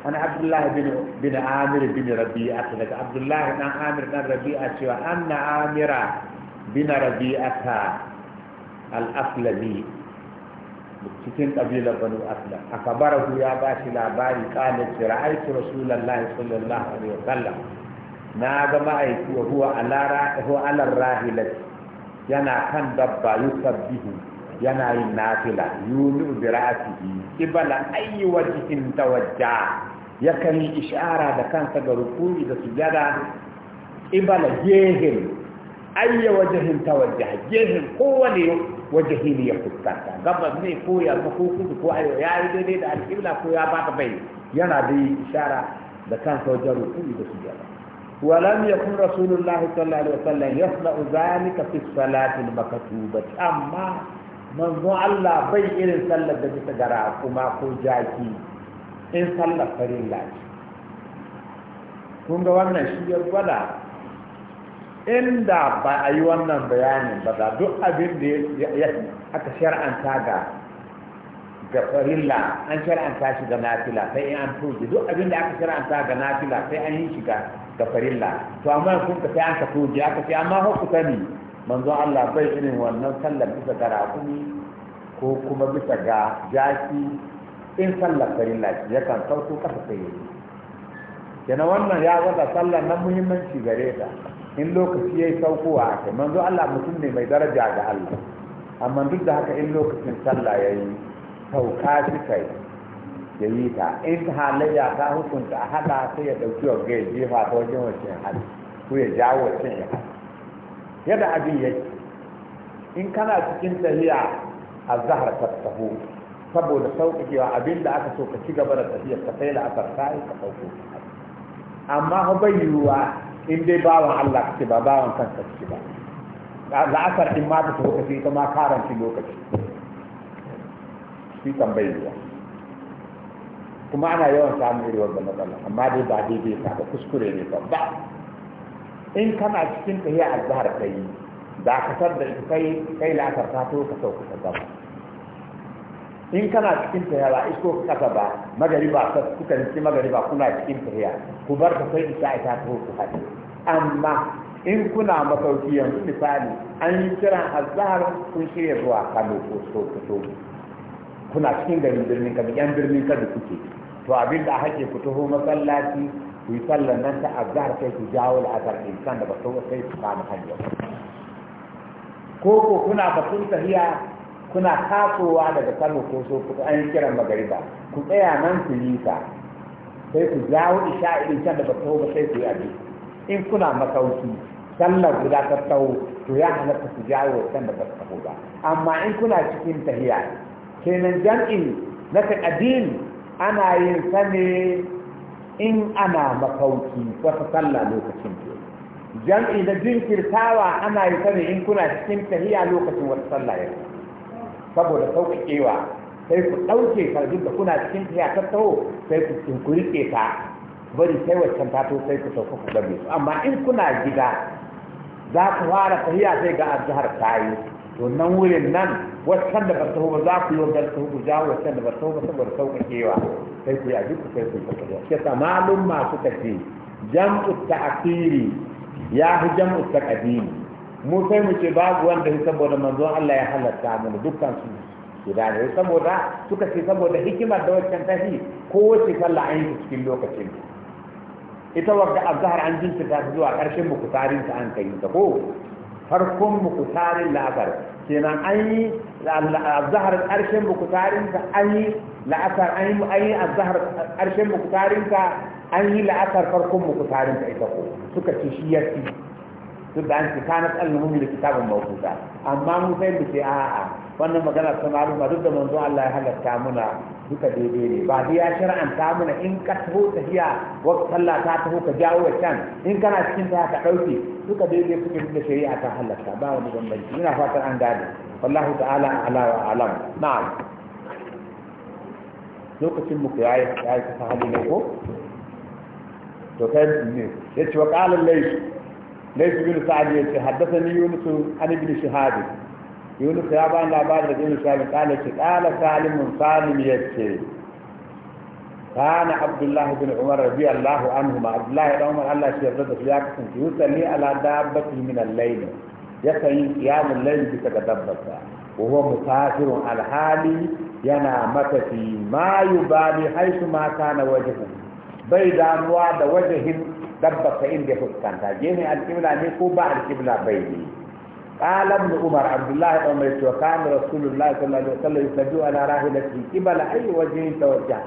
عن عبد الله بن بن عامر بن ربيعه عبد الله بن عامر بن ربيعه وان عامر بن ربيعه الاسلمي سكين قبيلة بنو أسلم أخبره يا باشي لا باري قال رأيت رسول الله صلى الله عليه وسلم na ga ma'aiki wa huwa alara huwa alar rahilat yana kan dabba yusabbihu yana yin nafila yunu bi ra'sihi qibala ayyi wajhin Ya yakan yi ishara da kansa ga rukuni da sujada qibala jehen ayyi wajhin tawajja jehen kowane wajahi ne ya fuskanta gabas ne ko ya ko kudu ko ayo ya yi daidai da alƙibla ko ya bata bai yana da ishara da kansa wajen rukuni da sujada ولم يكن رسول الله صلى الله عليه وسلم يصنع ذلك في الصلاة المكتوبة أما manzon Allah bai irin sallar da bisa gara kuma ko jaki in sallar farin lafi kun ga wannan shi ya gwada inda ba a yi wannan bayanin ba za duk abin da aka shar'anta an shar'anta shi nafila sai an tuji duk abin da aka shar'anta ga nafila sai an yi shiga da farilla to amma kun ka sai an ka toje aka ce amma ku sani manzon Allah bai irin wannan sallar bisa ga rakumi ko kuma bisa ga jaki in sallar farilla ce yakan sauko kasa sai yi kenan wannan ya wata sallar na muhimmanci gare ta in lokaci ya yi saukowa a kai manzo Allah mutum ne mai daraja ga Allah amma duk da haka in lokacin sallah ya yi sauka shi kai ya yi ta in halayya ta hukunta a hada sai ya ɗauki wa ga jefa ta wajen wacin hali ko ya jawo wacin ya hali yadda abin ya ce in kana cikin tafiya a zahar ta taho saboda sauƙaƙewa abin da aka so ka ci gaba da tafiyar ka sai la'asar ta yi ka sauko amma ha bai yiwuwa in dai bawan Allah kake ba bawan kanka kake ba la'asar in ma ta taho ka sai ita ma karanci lokaci shi kan bai yiwuwa kuma ana yawan samun irin wannan matsala amma dai ba daidai ka ba kuskure ne ba in kana cikin tafiya azhar kai da ka san da kai kai la'asar ta to ka sauka ka gaba in kana cikin tafiya ba isko ka kasa ba magariba ka kuka nisi magariba kuna cikin tafiya ku bar ka sai isha ita to ku haɗe amma in kuna masauki yanzu misali an yi kiran azhar kun shirya zuwa Kano ko Sokoto kuna cikin garin birnin Kano yan birnin Kano kuke to abin da hake ku taho masallaci ku yi sallan nan ta azhar sai ku jawo al'azhar din san da ba sai ku samu hanya ko ko kuna batun tahiya kuna kasowa daga kano ko so ku an kiran magariba ku tsaya nan ku yi ta sai ku jawo isha idan san da ba sai ku yi abi in kuna makauki sallar guda ta tawo to ya halatta ku jawo san da ba ba amma in kuna cikin tahiya kenan jam'in na taqdim ana yin sa ne in ana makauki wata sallah lokacin ke jam'i da jinkirtawa ana yi sa in kuna cikin tahiya lokacin wata sallah ya saboda sauƙaƙewa sai ku ɗauke karjin da kuna cikin tahiya ta taho sai ku tunkuri ta bari sai waccan ta sai ku sauka ku gabe su amma in kuna gida za ku fara tahiya sai ga azhar ta yi to nan wurin nan wasan da ba taho ba za ku yi wa galta ku ja wasan da ba taho ba saboda sauƙaƙewa sai ku yi a duk sai ku yi sauƙaƙewa shi Kesa malum masu kace jam'u ta'khiri ya fi jam'u taqdimi mu sai mu ce babu wanda shi saboda manzo Allah ya halatta mana dukkan su guda ne saboda suka ce saboda hikimar da waccan tafi ko wace kalla an yi cikin lokacin ita wanda azhar an jinta ta zuwa ƙarshen muku ta an kai ta ko farkon mukutarin la'asar kenan an yi azahar ƙarshen mukutarin ka an yi la'asar an yi azahar ƙarshen mukutarin ka an yi la'asar farkon mukutarin ka ita ko suka ce shi ya fi duk da an ce kana tsallumin da kitabin mawuta amma mun sai mu ce a'a wannan magana ta maluma duk da manzo Allah ya halatta muna duka daidai ne ba ya shar'anta mana in ka taho tafiya wata sallah ta taho ka jawo da can in kana cikin ta ka ɗauke duka daidai suke da shari'a ta halatta ba wani bambanci ina fatan an gane wallahu ta'ala ala wa alam na'am lokacin muku yayi yayi ta hali ne ko to kai ne yace wa qala layth layth bin sa'd yace haddathani yunus an ibn shihab yunus ya bani labarin da yunus ya kala ce kala salimun salim ce. kana abdullahi bin umar radiyallahu anhu ma abdullahi dan umar Allah shi yarda da shi ya kasance yusalli ala dabbati min al-layl yakan yi qiyamul layl bisa ga dabbata wa huwa musafirun al-hali yana matafi ma yubali haisu ma kana wajhu bai damuwa da wajahin dabbata inda fuskanta gene al-qibla ne ko ba al-qibla bai ne قال ابن عمر عبد الله بن عمر وكان رسول الله صلى الله عليه وسلم يسجد على راحلته قبل اي وجه توجه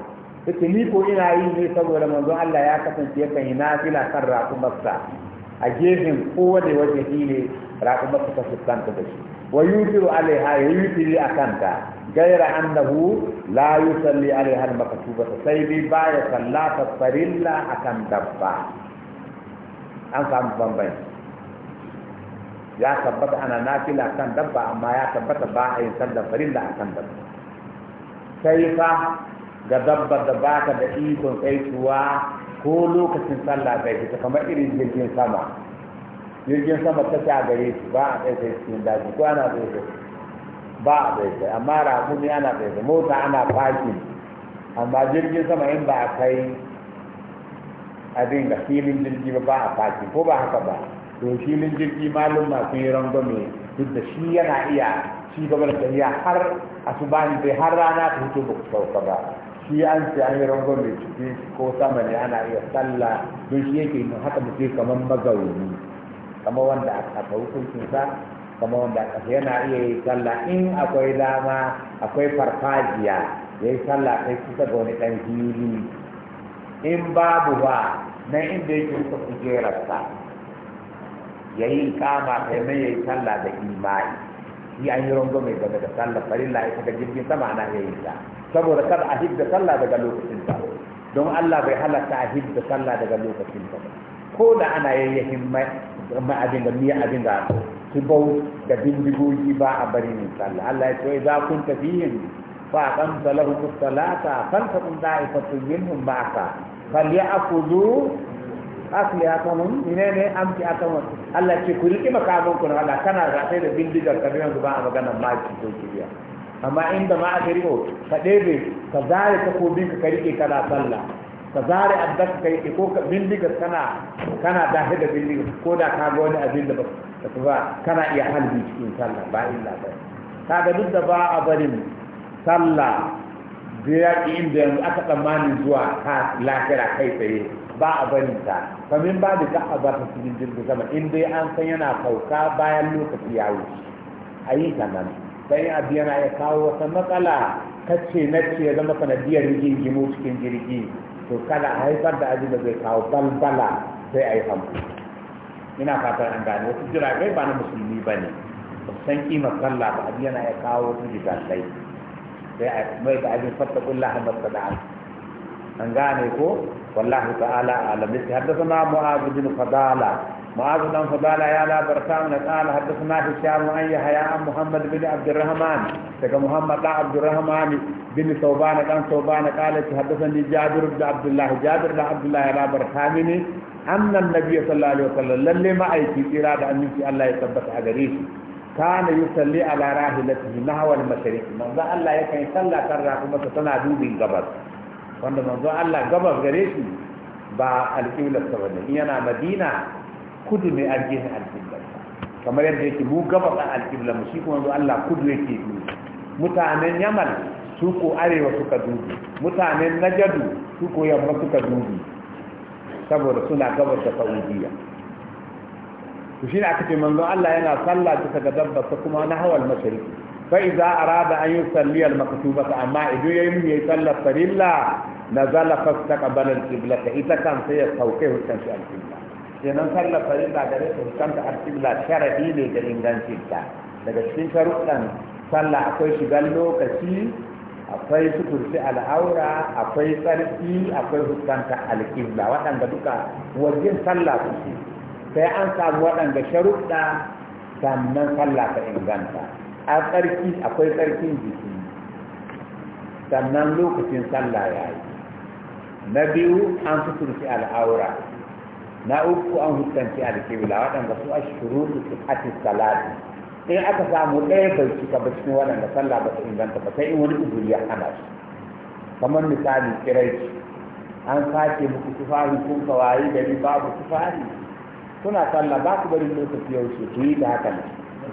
take ni ko ina yi ne saboda manzo Allah ya kasance kan yi nafila kan raƙumarsa a gefen kowane waje shi ne raƙumarsa ta fuskanta da shi wa yutiru alaiha ya yutiri a kanta gaira annahu la yusalli alaiha al-maktuba sai dai baya sallata farilla akan dabba an samu bambanci ya tabbata ana nafila kan dabba amma ya tabbata ba a yin sallar farilla a kan dabba sai fa ga dabba da ba ka da ikon tsaituwa ko lokacin sallah zai fita kamar irin jirgin sama jirgin sama ta sha gare shi ba a tsaye cikin daji ko ana tsaye ba a tsaye amma ne ana tsaye mota ana faki amma jirgin sama in ba a kai abin dinga filin jirgi ba ba a fakin ko ba haka ba to filin jirgi malum sun yi rangwame duk da shi yana iya shi gaba da tafiya har bani bai har rana ta hito ba ku sauka ba shi an ce an yi rangwame cikin ko sama ne ana iya sallah don shi yake yi haka mutum kamar mazauni kamar wanda aka hukuncinsa kamar wanda aka yana iya yi tsalla in akwai dama akwai farfajiya ya yi tsalla kai kusa ga wani ɗan fili in babu ba na inda yake kusa kujerarsa ya yi kama kai mai ya yi sallah da imani shi an yi rango mai game da sallah farilla ya saka jirgin sama ana ya yi ta saboda kada a hidda sallah daga lokacin ta don Allah bai halatta a hidda sallah daga lokacin ta ko da ana yayyahin mai abin da miya abin da kibau da bindigogi ba a bari min sallah Allah ya ce za kun tafi tafiyin fa aqamta lahum as-salata faltaqum da'ifatu minhum ba'aka falyakhudhu asli akamun menene amfi akamun Allah ce ku rike makaman ku Allah kana rafe da bindigar ka yanzu ba a magana maki ko kiriya amma inda ma aka riko ka ɗebe ka zare ko takobin ka rike kana sallah ka zare addaka ka rike ko bindigar kana kana dahe da bindigar ko da ka ga wani abin da ba kana iya halbi cikin sallah ba illa ba kaga duk da ba a barin sallah da yaƙi inda yanzu aka tsammanin zuwa ta lafira kai tsaye ba a bari ta kamin ba da za ba ta cikin jirgin sama in dai an san yana kauka bayan lokaci ya wuce a yi ta nan sai abu yana ya kawo wata matsala kace na ce ya zama sanadiyar rigingimu cikin jirgi to kada a haifar da abin zai kawo balbala sai a yi hamsu ina fatan an gane wasu jiragai ba na musulmi ba ne san kima sallah ba abu yana ya kawo wasu jirgin sai a yi mai da kullum fattakullah da masada'a an gane ko wallahi ta'ala alam yace haddathana mu'adh bin fadala mu'adh bin fadala ya la barka min qala haddathana hisham an yahya an muhammad bin abd alrahman daga muhammad da abd alrahman bin thawban dan thawban qala haddathani jabir bin abdullah jabir da abdullah ya la barka min anna an-nabiy sallallahu alaihi wasallam lalle ma aiki tsira da aminci Allah ya tabbata a gare shi kana yusalli ala rahilatihi nahwa al-mashriq manzo Allah yakan sallata rakuma tana dubin gabas wanda manzo Allah gabas gare shi ba alƙiblar sa bane yana Madina kudu ne alƙiblar alƙiblar kamar yadda yake mu gabas a alƙiblar mu shi kuma manzo Allah kudu yake dubi mutanen Yaman su ko arewa suka dubi mutanen Najadu su ko yamma suka dubi saboda suna gabas da Saudiya to shi ne aka ce manzo Allah yana sallah bisa ga dabba kuma na hawal mashariki sai za a rada an yi salliyar maktubata amma idan ya yi mun ya yi sallar farilla na zala fasta kabalar kiblata ita kan sai ya sauke hukunci alkibla kenan sallar farilla da rasa hukunta alkibla sharadi ne ga ingancin ta daga cikin sharuɗan sallah akwai shigar lokaci akwai suturci al'aura akwai tsarki akwai hukunta alkibla waɗanda duka wajen sallah su sai an samu waɗanda sharuɗa sannan sallah ta inganta a tsarki akwai tsarkin jiki sannan lokacin sallah ya yi na biyu an suturci al'aura na uku an hutanci alkibla waɗanda su a da su ati salati in aka samu ɗaya bai cika ba cikin waɗanda sallah ba ta inganta ba sai in wani uzuri ya hana su kamar misali kiraici an sake muku tufafi kun kawai gari babu tufafi kuna sallah ba ku bari lokaci yau su yi da haka ne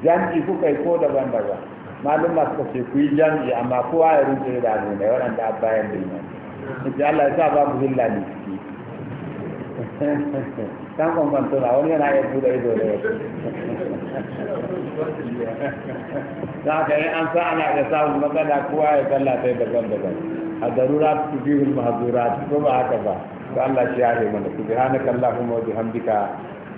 jam'i kuka yi ko daban daban malum masu suka ce ku yi jam'i amma kowa ya rufe da abu ne waɗanda a bayan da imam sai Allah ya sa babu hilla ne ciki kan kwankwanto na wani yana iya buɗe ido da yau za ka yi an sa ana da samun matsala kowa ya kalla sai daban daban a darura su biyu mahadura ko ba haka ba to Allah shi ya mana subhanakallahumma wa bihamdika